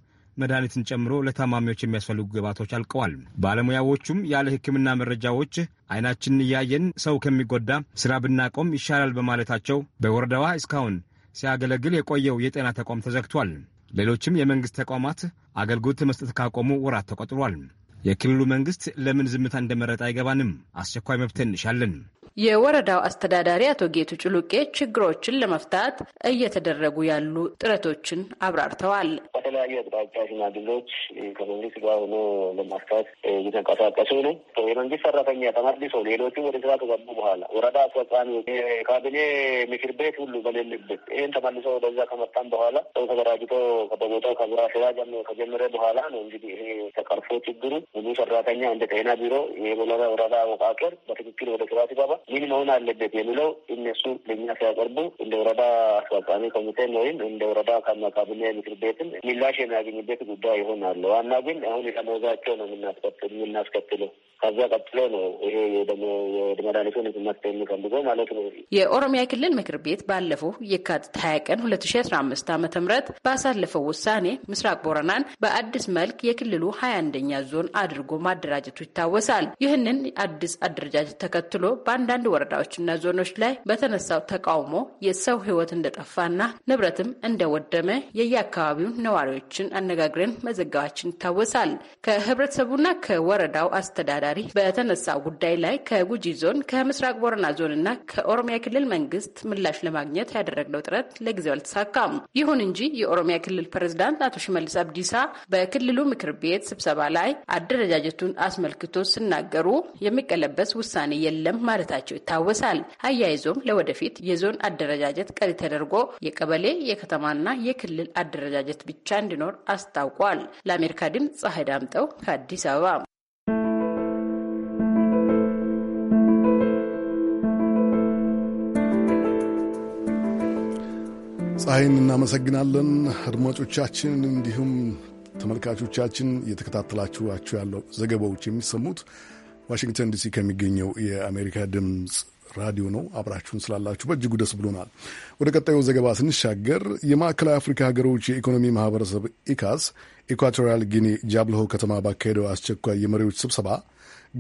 S6: መድኃኒትን ጨምሮ ለታማሚዎች የሚያስፈልጉ ግባቶች አልቀዋል። ባለሙያዎቹም ያለ ሕክምና መረጃዎች አይናችንን እያየን ሰው ከሚጎዳ ስራ ብናቆም ይሻላል በማለታቸው በወረዳዋ እስካሁን ሲያገለግል የቆየው የጤና ተቋም ተዘግቷል። ሌሎችም የመንግሥት ተቋማት አገልግሎት መስጠት ካቆሙ ወራት ተቆጥሯል። የክልሉ መንግሥት ለምን ዝምታ እንደመረጠ አይገባንም። አስቸኳይ መብት እንሻለን።
S13: የወረዳው አስተዳዳሪ አቶ ጌቱ ጭሉቄ ችግሮችን ለመፍታት እየተደረጉ ያሉ ጥረቶችን አብራርተዋል።
S11: በተለያዩ አቅጣጫ ሽማግሌዎች ከመንግስት ጋር ሆኖ ለማፍታት እየተንቀሳቀሱ ነው። የመንግስት ሰራተኛ ተመልሶ ሌሎቹ ወደ ስራ ከገቡ በኋላ ወረዳ አስፈጻሚ፣ ካቢኔ ምክር ቤት ሁሉ በሌለበት ይህን ተመልሶ ወደዛ ከመጣም በኋላ ሰው ተደራጅቶ
S7: ከቦታው ከብራ ስራ ከጀመረ በኋላ ነው እንግዲህ ይሄ ተቀርፎ ችግሩ ብዙ ሰራተኛ
S11: እንደ ጤና ቢሮ ወረዳ አወቃቀር በትክክል ወደ ስራ ሲገባ ምን መሆን አለበት የሚለው እነሱ ለእኛ ሲያቀርቡ እንደ ወረዳ አስፈጻሚ ኮሚቴን ወይም እንደ ወረዳ ካማካብና ምክር ቤትን ምላሽ የሚያገኝበት ጉዳይ ይሆናል። ዋና ግን አሁን የደሞዛቸው ነው የምናስከትለው። ከዛ ቀጥሎ ነው ይሄ ደግሞ የመድኃኒቱን ህትመት የሚፈልገው ማለት ነው።
S13: የኦሮሚያ ክልል ምክር ቤት ባለፈው የካቲት ሀያ ቀን ሁለት ሺ አስራ አምስት ዓመተ ምህረት ባሳለፈው ውሳኔ ምስራቅ ቦረናን በአዲስ መልክ የክልሉ ሀያ አንደኛ ዞን አድርጎ ማደራጀቱ ይታወሳል። ይህንን አዲስ አደረጃጀት ተከትሎ በአንዳንድ በአንዳንድ ወረዳዎችና ዞኖች ላይ በተነሳው ተቃውሞ የሰው ህይወት እንደጠፋና ንብረትም እንደወደመ የየአካባቢው ነዋሪዎችን አነጋግረን መዘገባችን ይታወሳል። ከህብረተሰቡና ከወረዳው አስተዳዳሪ በተነሳው ጉዳይ ላይ ከጉጂ ዞን ከምስራቅ ቦረና ዞንና ከኦሮሚያ ክልል መንግስት ምላሽ ለማግኘት ያደረግነው ጥረት ለጊዜው አልተሳካም። ይሁን እንጂ የኦሮሚያ ክልል ፕሬዝዳንት አቶ ሽመልስ አብዲሳ በክልሉ ምክር ቤት ስብሰባ ላይ አደረጃጀቱን አስመልክቶ ሲናገሩ የሚቀለበስ ውሳኔ የለም ማለታቸው መሆናቸው ይታወሳል። አያይዞም ለወደፊት የዞን አደረጃጀት ቀሪ ተደርጎ የቀበሌ የከተማና የክልል አደረጃጀት ብቻ እንዲኖር አስታውቋል። ለአሜሪካ ድምፅ ፀሐይ ዳምጠው ከአዲስ አበባ።
S1: ፀሐይን እናመሰግናለን። አድማጮቻችን እንዲሁም ተመልካቾቻችን እየተከታተላችኋቸው ያለው ዘገባዎች የሚሰሙት ዋሽንግተን ዲሲ ከሚገኘው የአሜሪካ ድምፅ ራዲዮ ነው። አብራችሁን ስላላችሁ በእጅጉ ደስ ብሎናል። ወደ ቀጣዩ ዘገባ ስንሻገር የማዕከላዊ አፍሪካ ሀገሮች የኢኮኖሚ ማህበረሰብ ኢካስ ኢኳቶሪያል ጊኒ ጃብልሆ ከተማ ባካሄደው አስቸኳይ የመሪዎች ስብሰባ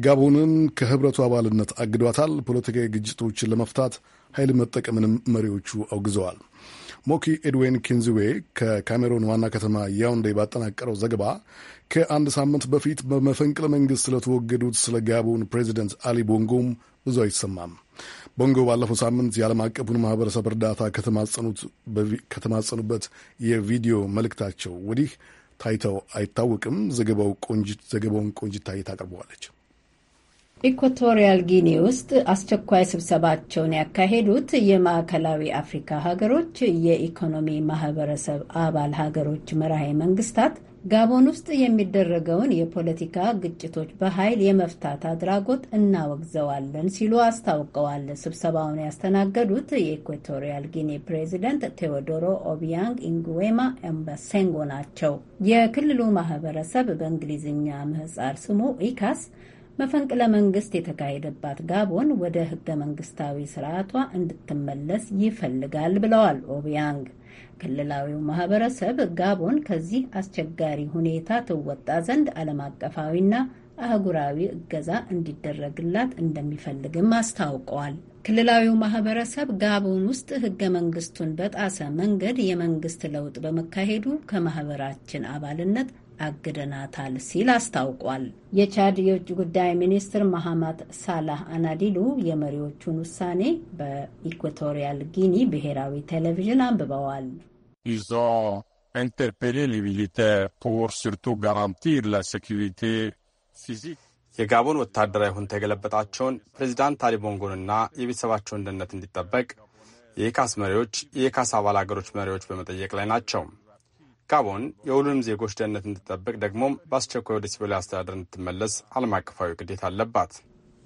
S1: ጋቦንን ከህብረቱ አባልነት አግዷታል። ፖለቲካዊ ግጭቶችን ለመፍታት ኃይል መጠቀምንም መሪዎቹ አውግዘዋል። ሞኪ ኤድዌን ኪንዝዌ ከካሜሮን ዋና ከተማ ያውንዴ ባጠናቀረው ዘገባ ከአንድ ሳምንት በፊት በመፈንቅለ መንግሥት ስለተወገዱት ስለ ጋቡን ፕሬዚደንት አሊ ቦንጎም ብዙ አይሰማም። ቦንጎ ባለፈው ሳምንት የዓለም አቀፉን ማኅበረሰብ እርዳታ ከተማጸኑበት የቪዲዮ መልእክታቸው ወዲህ ታይተው አይታወቅም። ዘገባውን ቆንጅት ታየ
S14: ኢኳቶሪያል ጊኒ ውስጥ አስቸኳይ ስብሰባቸውን ያካሄዱት የማዕከላዊ አፍሪካ ሀገሮች የኢኮኖሚ ማህበረሰብ አባል ሀገሮች መራሄ መንግስታት ጋቦን ውስጥ የሚደረገውን የፖለቲካ ግጭቶች በኃይል የመፍታት አድራጎት እናወግዘዋለን ሲሉ አስታውቀዋል። ስብሰባውን ያስተናገዱት የኢኳቶሪያል ጊኒ ፕሬዚደንት ቴዎዶሮ ኦቢያንግ ኢንግዌማ ኤምበሴንጎ ናቸው። የክልሉ ማህበረሰብ በእንግሊዝኛ ምህጻር ስሙ ኢካስ መፈንቅለ መንግስት የተካሄደባት ጋቦን ወደ ህገ መንግስታዊ ስርዓቷ እንድትመለስ ይፈልጋል ብለዋል ኦቢያንግ። ክልላዊው ማህበረሰብ ጋቦን ከዚህ አስቸጋሪ ሁኔታ ትወጣ ዘንድ ዓለም አቀፋዊና አህጉራዊ እገዛ እንዲደረግላት እንደሚፈልግም አስታውቀዋል። ክልላዊው ማህበረሰብ ጋቦን ውስጥ ህገ መንግስቱን በጣሰ መንገድ የመንግስት ለውጥ በመካሄዱ ከማህበራችን አባልነት አግደናታል ሲል አስታውቋል። የቻድ የውጭ ጉዳይ ሚኒስትር መሐማት ሳላህ አናዲሉ የመሪዎቹን ውሳኔ በኢኳቶሪያል ጊኒ ብሔራዊ ቴሌቪዥን አንብበዋል።
S15: የጋቦን ወታደራዊ ሁንታ የገለበጣቸውን ፕሬዚዳንት አሊ ቦንጎንና የቤተሰባቸውን ደህንነት እንዲጠበቅ የካስ መሪዎች የካስ አባል አገሮች መሪዎች በመጠየቅ ላይ ናቸው። ጋቦን የሁሉንም ዜጎች ደህንነት እንድትጠብቅ ደግሞም በአስቸኳይ ወደ ሲቪል አስተዳደር እንድትመለስ ዓለም አቀፋዊ ግዴታ አለባት።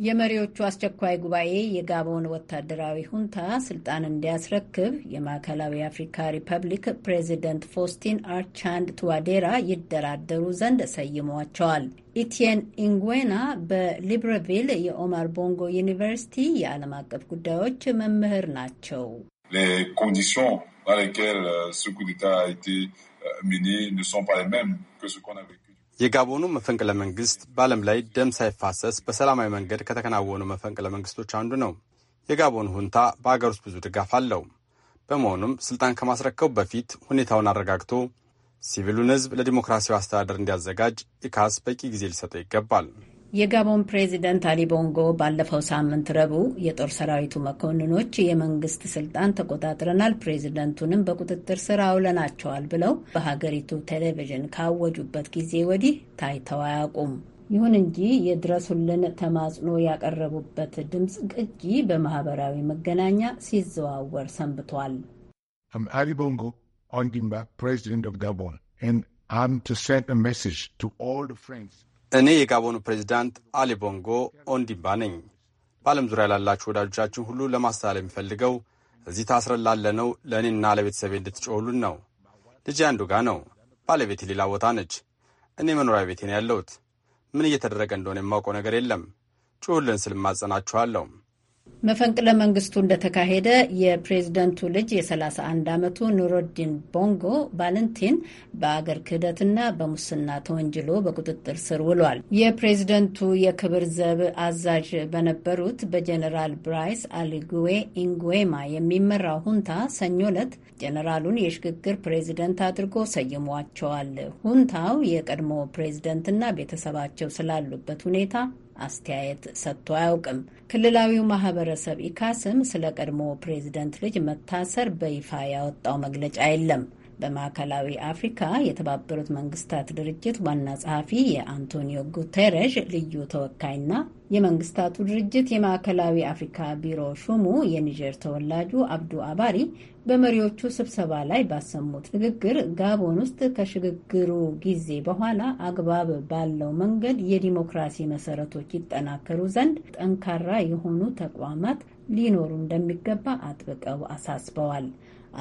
S14: የመሪዎቹ አስቸኳይ ጉባኤ የጋቦን ወታደራዊ ሁንታ ስልጣን እንዲያስረክብ የማዕከላዊ አፍሪካ ሪፐብሊክ ፕሬዚደንት ፎስቲን አርቻንድ ቱዋዴራ ይደራደሩ ዘንድ ሰይሟቸዋል። ኢቲየን ኢንጉዌና በሊብረቪል የኦማር ቦንጎ ዩኒቨርሲቲ የዓለም አቀፍ ጉዳዮች መምህር ናቸው።
S1: menées ne sont pas የጋቦኑ
S15: መፈንቅለ መንግስት በዓለም ላይ ደም ሳይፋሰስ በሰላማዊ መንገድ ከተከናወኑ መፈንቅለ መንግስቶች አንዱ ነው። የጋቦን ሁንታ በአገር ውስጥ ብዙ ድጋፍ አለው። በመሆኑም ስልጣን ከማስረከቡ በፊት ሁኔታውን አረጋግቶ ሲቪሉን ህዝብ ለዲሞክራሲያዊ አስተዳደር እንዲያዘጋጅ ኢካስ በቂ ጊዜ ሊሰጠው ይገባል።
S14: የጋቦን ፕሬዚደንት አሊ ቦንጎ ባለፈው ሳምንት ረቡዕ የጦር ሰራዊቱ መኮንኖች የመንግስት ስልጣን ተቆጣጥረናል፣ ፕሬዚደንቱንም በቁጥጥር ስር አውለናቸዋል ብለው በሀገሪቱ ቴሌቪዥን ካወጁበት ጊዜ ወዲህ ታይተው አያውቁም። ይሁን እንጂ የድረሱልን ተማጽኖ ያቀረቡበት ድምፅ ቅጂ በማህበራዊ መገናኛ ሲዘዋወር ሰንብቷል።
S1: አሊ ቦንጎ ኦንዲምባ ፕሬዚደንት ኦፍ ጋቦን
S15: እኔ የጋቦኑ ፕሬዚዳንት አሊ ቦንጎ ኦንዲምባ ነኝ። በዓለም ዙሪያ ላላችሁ ወዳጆቻችን ሁሉ ለማስተላለፍ የሚፈልገው እዚህ ታስረን ላለነው ለእኔና ለቤተሰቤ እንድትጮሁልን ነው። ልጄ አንዱ ጋ ነው። ባለቤቴ ሌላ ቦታ ነች። እኔ መኖሪያ ቤቴ ነው ያለሁት። ምን እየተደረገ እንደሆነ የማውቀው ነገር የለም። ጩሁልን ስል ማጸናችኋለሁ።
S14: መፈንቅለ መንግስቱ እንደተካሄደ የፕሬዝደንቱ ልጅ የ31 ዓመቱ ኑሮዲን ቦንጎ ቫለንቲን በአገር ክህደትና በሙስና ተወንጅሎ በቁጥጥር ስር ውሏል። የፕሬዝደንቱ የክብር ዘብ አዛዥ በነበሩት በጀኔራል ብራይስ አሊጉዌ ኢንጉዌማ የሚመራው ሁንታ ሰኞ ዕለት ጀኔራሉን የሽግግር ፕሬዝደንት አድርጎ ሰይሟቸዋል። ሁንታው የቀድሞ ፕሬዝደንትና ቤተሰባቸው ስላሉበት ሁኔታ አስተያየት ሰጥቶ አያውቅም። ክልላዊው ማህበረሰብ ኢካስም ስለ ቀድሞ ፕሬዚደንት ልጅ መታሰር በይፋ ያወጣው መግለጫ የለም። በማዕከላዊ አፍሪካ የተባበሩት መንግስታት ድርጅት ዋና ጸሐፊ የአንቶኒዮ ጉተረዥ ልዩ ተወካይና የመንግስታቱ ድርጅት የማዕከላዊ አፍሪካ ቢሮ ሹሙ የኒጀር ተወላጁ አብዱ አባሪ በመሪዎቹ ስብሰባ ላይ ባሰሙት ንግግር ጋቦን ውስጥ ከሽግግሩ ጊዜ በኋላ አግባብ ባለው መንገድ የዲሞክራሲ መሰረቶች ይጠናከሩ ዘንድ ጠንካራ የሆኑ ተቋማት ሊኖሩ እንደሚገባ አጥብቀው አሳስበዋል።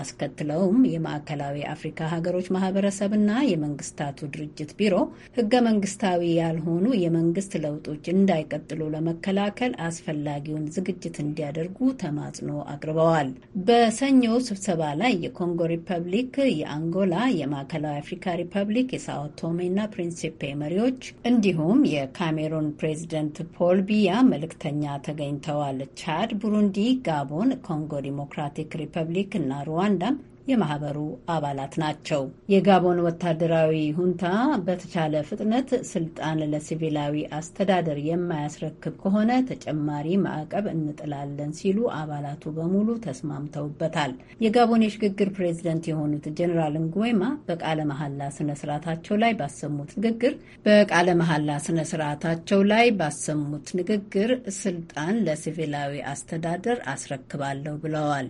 S14: አስከትለውም የማዕከላዊ አፍሪካ ሀገሮች ማህበረሰብና የመንግስታቱ ድርጅት ቢሮ ህገ መንግስታዊ ያልሆኑ የመንግስት ለውጦች እንዳይቀጥሉ ለመከላከል አስፈላጊውን ዝግጅት እንዲያደርጉ ተማጽኖ አቅርበዋል። በሰኞ ስብሰባ ላይ የኮንጎ ሪፐብሊክ፣ የአንጎላ፣ የማዕከላዊ አፍሪካ ሪፐብሊክ፣ የሳኦ ቶሜና ፕሪንሲፔ መሪዎች እንዲሁም የካሜሩን ፕሬዚደንት ፖል ቢያ መልእክተኛ ተገኝተዋል። ቻድ፣ ቡሩንዲ፣ ጋቦን፣ ኮንጎ ዲሞክራቲክ ሪፐብሊክ እና ሩዋ Rwanda የማህበሩ አባላት ናቸው። የጋቦን ወታደራዊ ሁንታ በተቻለ ፍጥነት ስልጣን ለሲቪላዊ አስተዳደር የማያስረክብ ከሆነ ተጨማሪ ማዕቀብ እንጥላለን ሲሉ አባላቱ በሙሉ ተስማምተውበታል። የጋቦን የሽግግር ፕሬዝደንት የሆኑት ጀኔራል እንጉዌማ በቃለ መሐላ ስነ ስርዓታቸው ላይ ባሰሙት ንግግር በቃለ መሐላ ስነ ስርዓታቸው ላይ ባሰሙት ንግግር ስልጣን ለሲቪላዊ አስተዳደር አስረክባለሁ ብለዋል።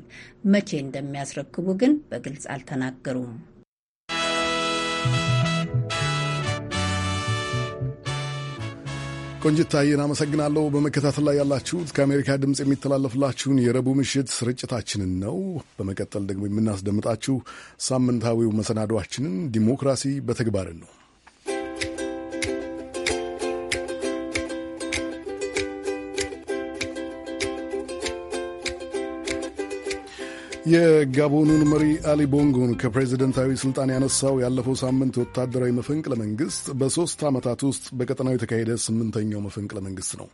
S14: መቼ እንደሚያስረክቡ ግን በግልጽ
S1: አልተናገሩም። ቆንጅታዬን አመሰግናለሁ። በመከታተል ላይ ያላችሁት ከአሜሪካ ድምፅ የሚተላለፍላችሁን የረቡዕ ምሽት ስርጭታችንን ነው። በመቀጠል ደግሞ የምናስደምጣችሁ ሳምንታዊው መሰናዷችንን ዲሞክራሲ በተግባርን ነው። የጋቦኑን መሪ አሊ ቦንጎን ከፕሬዚደንታዊ ስልጣን ያነሳው ያለፈው ሳምንት ወታደራዊ መፈንቅለ መንግስት በሦስት ዓመታት ውስጥ በቀጠናው የተካሄደ ስምንተኛው መፈንቅለ መንግስት ነው።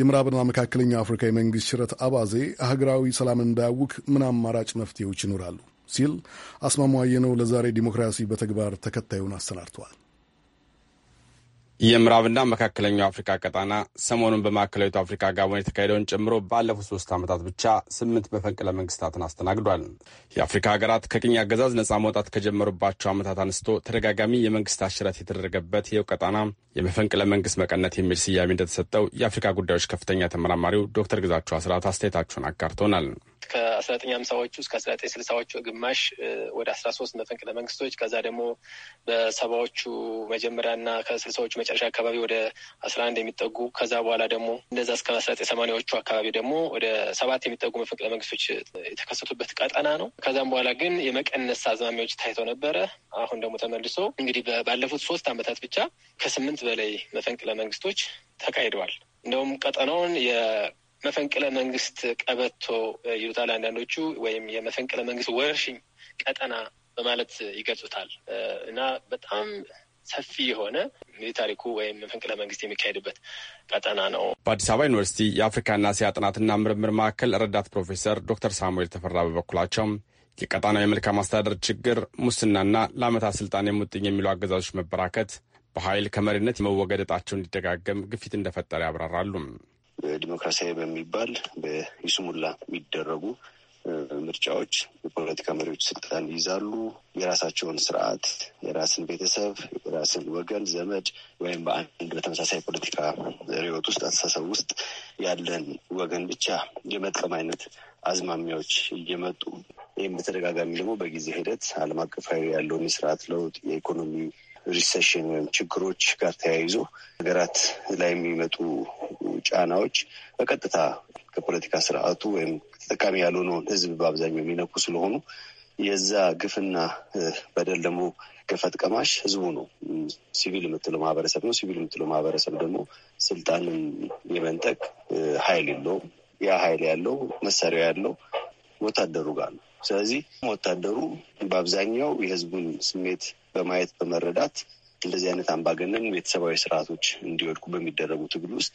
S1: የምዕራብና መካከለኛ አፍሪካ የመንግሥት ሽረት አባዜ ሀገራዊ ሰላም እንዳያውክ ምን አማራጭ መፍትሄዎች ይኖራሉ ሲል አስማማው አየነው ለዛሬ ዲሞክራሲ በተግባር ተከታዩን አሰናድተዋል።
S15: የምዕራብና መካከለኛው አፍሪካ ቀጣና ሰሞኑን በማዕከላዊቱ አፍሪካ ጋቦን የተካሄደውን ጨምሮ ባለፉት ሶስት ዓመታት ብቻ ስምንት መፈንቅለ መንግስታትን አስተናግዷል። የአፍሪካ ሀገራት ከቅኝ አገዛዝ ነፃ መውጣት ከጀመሩባቸው ዓመታት አንስቶ ተደጋጋሚ የመንግስት አሽረት የተደረገበት ይኸው ቀጣና የመፈንቅለ መንግስት መቀነት የሚል ስያሜ እንደተሰጠው የአፍሪካ ጉዳዮች ከፍተኛ ተመራማሪው ዶክተር ግዛቸው አስራት አስተያየታቸውን አካርተውናል።
S9: ከአስራ ዘጠኝ ሀምሳዎቹ እስከ አስራ ዘጠኝ ስልሳዎቹ ግማሽ ወደ አስራ ሶስት መፈንቅለ መንግስቶች ከዛ ደግሞ በሰባዎቹ መጀመሪያና ከስልሳዎቹ መጨረሻ አካባቢ ወደ አስራ አንድ የሚጠጉ ከዛ በኋላ ደግሞ እንደዛ እስከ አስራ ዘጠኝ ሰማኒያዎቹ አካባቢ ደግሞ ወደ ሰባት የሚጠጉ መፈንቅለ መንግስቶች የተከሰቱበት ቀጠና ነው። ከዛም በኋላ ግን የመቀነስ አዝማሚያዎች ታይተው ነበረ። አሁን ደግሞ ተመልሶ እንግዲህ ባለፉት ሶስት አመታት ብቻ ከስምንት በላይ መፈንቅለ መንግስቶች ተካሂደዋል። እንደውም ቀጠናውን መፈንቅለ መንግስት ቀበቶ ይሉታል አንዳንዶቹ፣ ወይም የመፈንቅለ መንግስት ወረርሽኝ ቀጠና በማለት ይገልጹታል እና በጣም ሰፊ የሆነ ሚሊታሪኩ ወይም መፈንቅለ መንግስት የሚካሄድበት ቀጠና ነው።
S15: በአዲስ አበባ ዩኒቨርሲቲ የአፍሪካና እስያ ጥናትና ምርምር ማዕከል ረዳት ፕሮፌሰር ዶክተር ሳሙኤል ተፈራ በበኩላቸው የቀጠናው የመልካም አስተዳደር ችግር፣ ሙስናና ለአመታት ስልጣን የሙጥኝ የሚሉ አገዛዞች መበራከት በኃይል ከመሪነት የመወገደጣቸው እንዲደጋገም ግፊት እንደፈጠረ ያብራራሉ።
S2: ዲሞክራሲያዊ በሚባል በይስሙላ የሚደረጉ ምርጫዎች የፖለቲካ መሪዎች ስልጣን ይይዛሉ። የራሳቸውን ስርዓት፣ የራስን ቤተሰብ፣ የራስን ወገን ዘመድ ወይም በአንድ በተመሳሳይ ፖለቲካ ርዕዮት ውስጥ አስተሳሰብ ውስጥ ያለን ወገን ብቻ የመጥቀም አይነት አዝማሚያዎች እየመጡ ይህም በተደጋጋሚ ደግሞ በጊዜ ሂደት ዓለም አቀፋዊ ያለውን የስርዓት ለውጥ የኢኮኖሚ ሪሴሽን ወይም ችግሮች ጋር ተያይዞ ሀገራት ላይ የሚመጡ ጫናዎች በቀጥታ ከፖለቲካ ስርዓቱ ወይም ተጠቃሚ ያልሆነውን ህዝብ በአብዛኛው የሚነኩ ስለሆኑ የዛ ግፍና በደል ደግሞ ገፈት ቀማሽ ህዝቡ ነው። ሲቪል የምትለው ማህበረሰብ ነው። ሲቪል የምትለው ማህበረሰብ ደግሞ ስልጣንን የመንጠቅ ሀይል የለውም። ያ ሀይል ያለው መሳሪያ ያለው ወታደሩ ጋር ነው። ስለዚህ ወታደሩ በአብዛኛው የህዝቡን ስሜት በማየት በመረዳት እንደዚህ አይነት አምባገነን ቤተሰባዊ ስርዓቶች እንዲወድቁ በሚደረጉ ትግል ውስጥ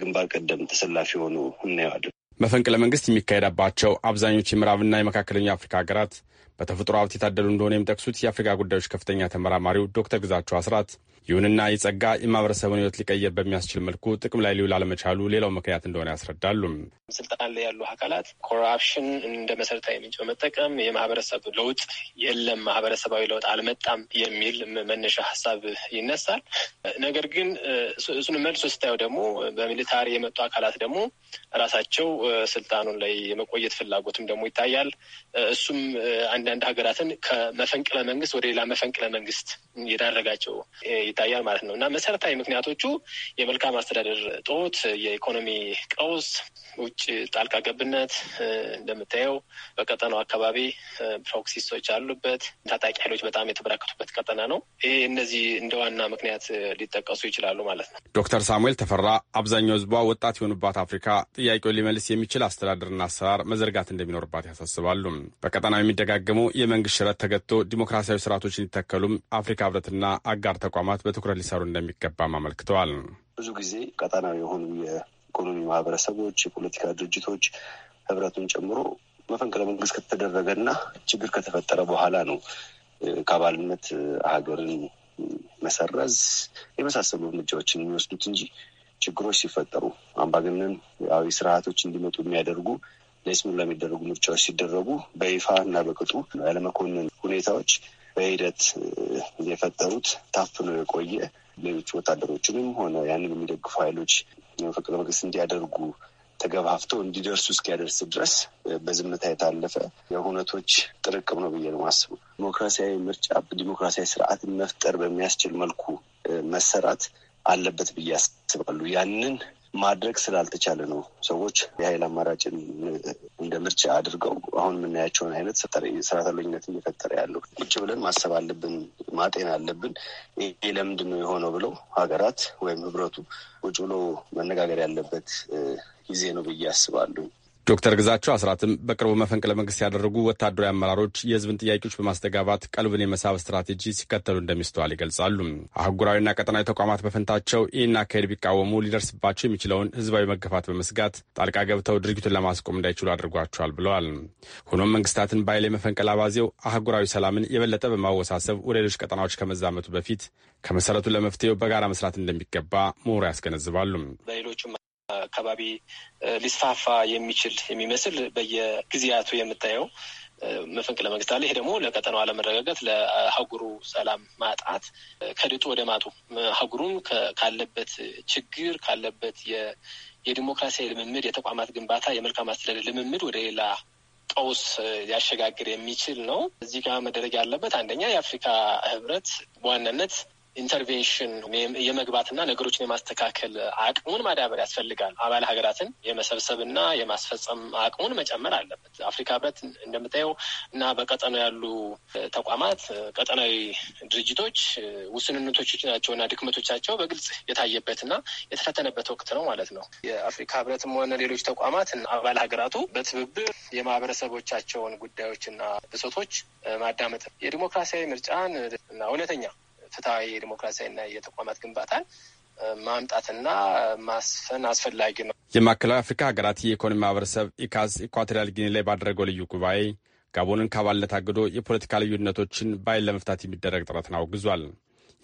S2: ግንባር ቀደም ተሰላፊ ሆኖ እናየዋለን።
S15: መፈንቅለ መንግስት የሚካሄዳባቸው አብዛኞቹ የምዕራብና የመካከለኛ አፍሪካ ሀገራት በተፈጥሮ ሀብት የታደሉ እንደሆነ የሚጠቅሱት የአፍሪካ ጉዳዮች ከፍተኛ ተመራማሪው ዶክተር ግዛቸው አስራት ይሁንና የጸጋ የማህበረሰቡን ሕይወት ሊቀየር በሚያስችል መልኩ ጥቅም ላይ ሊውል አለመቻሉ ሌላው ምክንያት እንደሆነ ያስረዳሉ።
S9: ስልጣን ላይ ያሉ አካላት ኮራፕሽን እንደ መሰረታዊ ምንጭ በመጠቀም የማህበረሰብ ለውጥ የለም፣ ማህበረሰባዊ ለውጥ አልመጣም የሚል መነሻ ሀሳብ ይነሳል። ነገር ግን እሱን መልሶ ስታየው ደግሞ በሚሊታሪ የመጡ አካላት ደግሞ ራሳቸው ስልጣኑን ላይ የመቆየት ፍላጎትም ደግሞ ይታያል። እሱም አንዳንድ ሀገራትን ከመፈንቅለ መንግስት ወደ ሌላ መፈንቅለ መንግስት የዳረጋቸው ይታያል ማለት ነው እና መሰረታዊ ምክንያቶቹ የመልካም አስተዳደር ጦት፣ የኢኮኖሚ ቀውስ፣ ውጭ ጣልቃ ገብነት፣ እንደምታየው በቀጠናው አካባቢ ፕሮክሲሶች አሉበት፣ ታጣቂ ኃይሎች በጣም የተበራከቱበት ቀጠና ነው። ይሄ እነዚህ እንደ ዋና ምክንያት ሊጠቀሱ ይችላሉ ማለት ነው።
S15: ዶክተር ሳሙኤል ተፈራ አብዛኛው ህዝቧ ወጣት የሆኑባት አፍሪካ ጥያቄውን ሊመልስ የሚችል አስተዳደርና አሰራር መዘርጋት እንደሚኖርባት ያሳስባሉ። በቀጠናው የሚደጋገመው የመንግስት ሽረት ተገጥቶ ዲሞክራሲያዊ ስርዓቶች እንዲተከሉም አፍሪካ ህብረትና አጋር ተቋማት በትኩረት ሊሰሩ እንደሚገባም አመልክተዋል።
S2: ብዙ ጊዜ ቀጠናዊ የሆኑ የኢኮኖሚ ማህበረሰቦች፣ የፖለቲካ ድርጅቶች ህብረቱን ጨምሮ መፈንቅለ መንግስት ከተደረገና ችግር ከተፈጠረ በኋላ ነው ከአባልነት ሀገርን መሰረዝ የመሳሰሉ እርምጃዎችን የሚወስዱት እንጂ ችግሮች ሲፈጠሩ አዊ ስርዓቶች እንዲመጡ የሚያደርጉ ለስሙላ የሚደረጉ ምርጫዎች ሲደረጉ በይፋ እና በቅጡ ያለመኮንን ሁኔታዎች በሂደት የፈጠሩት ታፍኖ የቆየ ሌሎች ወታደሮችንም ሆነ ያንን የሚደግፉ ኃይሎች ፍቅረ መንግስት እንዲያደርጉ ተገፋፍተው እንዲደርሱ እስኪያደርስ ድረስ በዝምታ የታለፈ የሁነቶች ጥርቅም ነው ብዬ ነው ዲሞክራሲያዊ ምርጫ ዲሞክራሲያዊ ስርዓትን መፍጠር በሚያስችል መልኩ መሰራት አለበት ብዬ አስባለሁ። ያንን ማድረግ ስላልተቻለ ነው ሰዎች የኃይል አማራጭን እንደ ምርጫ አድርገው አሁን የምናያቸውን አይነት ስርዓተ አልበኝነት እየፈጠረ ያለው። ቁጭ ብለን ማሰብ አለብን፣ ማጤን አለብን። ይሄ ለምንድን ነው የሆነው ብለው ሀገራት ወይም ህብረቱ ቁጭ ብሎ መነጋገር ያለበት ጊዜ ነው ብዬ አስባለሁ።
S15: ዶክተር ግዛቸው አስራትም በቅርቡ መፈንቅለ መንግስት ያደረጉ ወታደራዊ አመራሮች የህዝብን ጥያቄዎች በማስተጋባት ቀልብን የመሳብ ስትራቴጂ ሲከተሉ እንደሚስተዋል ይገልጻሉ። አህጉራዊና ቀጠናዊ ተቋማት በፈንታቸው ይህን አካሄድ ቢቃወሙ ሊደርስባቸው የሚችለውን ህዝባዊ መገፋት በመስጋት ጣልቃ ገብተው ድርጊቱን ለማስቆም እንዳይችሉ አድርጓቸዋል ብለዋል። ሆኖም መንግስታትን በኃይል የመፈንቅል አባዜው አህጉራዊ ሰላምን የበለጠ በማወሳሰብ ወደ ሌሎች ቀጠናዎች ከመዛመቱ በፊት ከመሰረቱ ለመፍትሄው በጋራ መስራት እንደሚገባ ምሁሩ ያስገነዝባሉ።
S9: አካባቢ ሊስፋፋ የሚችል የሚመስል በየጊዜያቱ የምታየው መፈንቅለ መንግስት አለ። ይሄ ደግሞ ለቀጠናው አለመረጋጋት፣ ለአህጉሩ ሰላም ማጣት ከድጡ ወደ ማጡ አህጉሩን ካለበት ችግር ካለበት የዲሞክራሲያዊ ልምምድ፣ የተቋማት ግንባታ፣ የመልካም አስተዳደር ልምምድ ወደ ሌላ ቀውስ ሊያሸጋግር የሚችል ነው። እዚህ ጋር መደረግ ያለበት አንደኛ የአፍሪካ ህብረት በዋናነት ኢንተርቬንሽን የመግባትና ነገሮችን የማስተካከል አቅሙን ማዳበር ያስፈልጋል። አባል ሀገራትን የመሰብሰብና የማስፈጸም አቅሙን መጨመር አለበት። አፍሪካ ህብረት እንደምታየው እና በቀጠና ያሉ ተቋማት ቀጠናዊ ድርጅቶች ውስንነቶች ናቸውና ድክመቶቻቸው በግልጽ የታየበትና የተፈተነበት ወቅት ነው ማለት ነው። የአፍሪካ ህብረትም ሆነ ሌሎች ተቋማት አባል ሀገራቱ በትብብር የማህበረሰቦቻቸውን ጉዳዮችና ብሶቶች ማዳመጥ የዲሞክራሲያዊ ምርጫን እና እውነተኛ ፍትሐዊ የዲሞክራሲያዊና
S15: የተቋማት ግንባታን ማምጣትና ማስፈን አስፈላጊ ነው። የማዕከላዊ አፍሪካ ሀገራት የኢኮኖሚ ማህበረሰብ ኢካስ ኢኳቶሪያል ጊኒ ላይ ባደረገው ልዩ ጉባኤ ጋቦንን ከአባልነት አግዶ የፖለቲካ ልዩነቶችን በኃይል ለመፍታት የሚደረግ ጥረትን አውግዟል።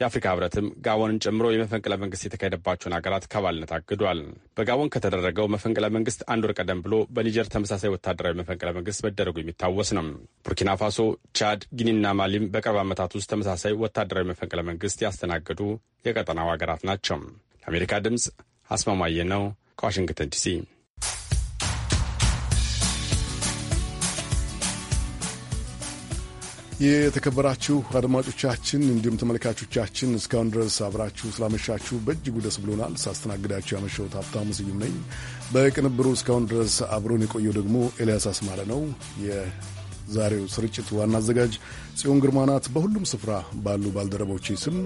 S15: የአፍሪካ ህብረትም ጋቦንን ጨምሮ የመፈንቅለ መንግስት የተካሄደባቸውን ሀገራት ከባልነት አግዷል። በጋቦን ከተደረገው መፈንቅለ መንግስት አንድ ወር ቀደም ብሎ በኒጀር ተመሳሳይ ወታደራዊ መፈንቅለ መንግስት መደረጉ የሚታወስ ነው። ቡርኪና ፋሶ፣ ቻድ፣ ጊኒና ማሊም በቅርብ ዓመታት ውስጥ ተመሳሳይ ወታደራዊ መፈንቅለ መንግስት ያስተናገዱ የቀጠናው ሀገራት ናቸው። ለአሜሪካ ድምፅ አስማማየ ነው ከዋሽንግተን ዲሲ
S1: የተከበራችሁ አድማጮቻችን እንዲሁም ተመልካቾቻችን እስካሁን ድረስ አብራችሁ ስላመሻችሁ በእጅጉ ደስ ብሎናል። ሳስተናግዳችሁ ያመሸሁት ሀብታሙ ስዩም ነኝ። በቅንብሩ እስካሁን ድረስ አብሮን የቆየው ደግሞ ኤልያስ አስማረ ነው። የዛሬው ስርጭት ዋና አዘጋጅ ጽዮን ግርማ ናት። በሁሉም ስፍራ ባሉ ባልደረቦቼ ስም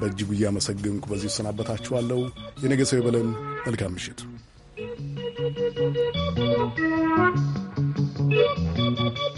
S1: በእጅጉ እያመሰገንኩ በዚህ እሰናበታችኋለሁ። የነገ ሰው ይበለን። መልካም ምሽት።
S11: Thank you.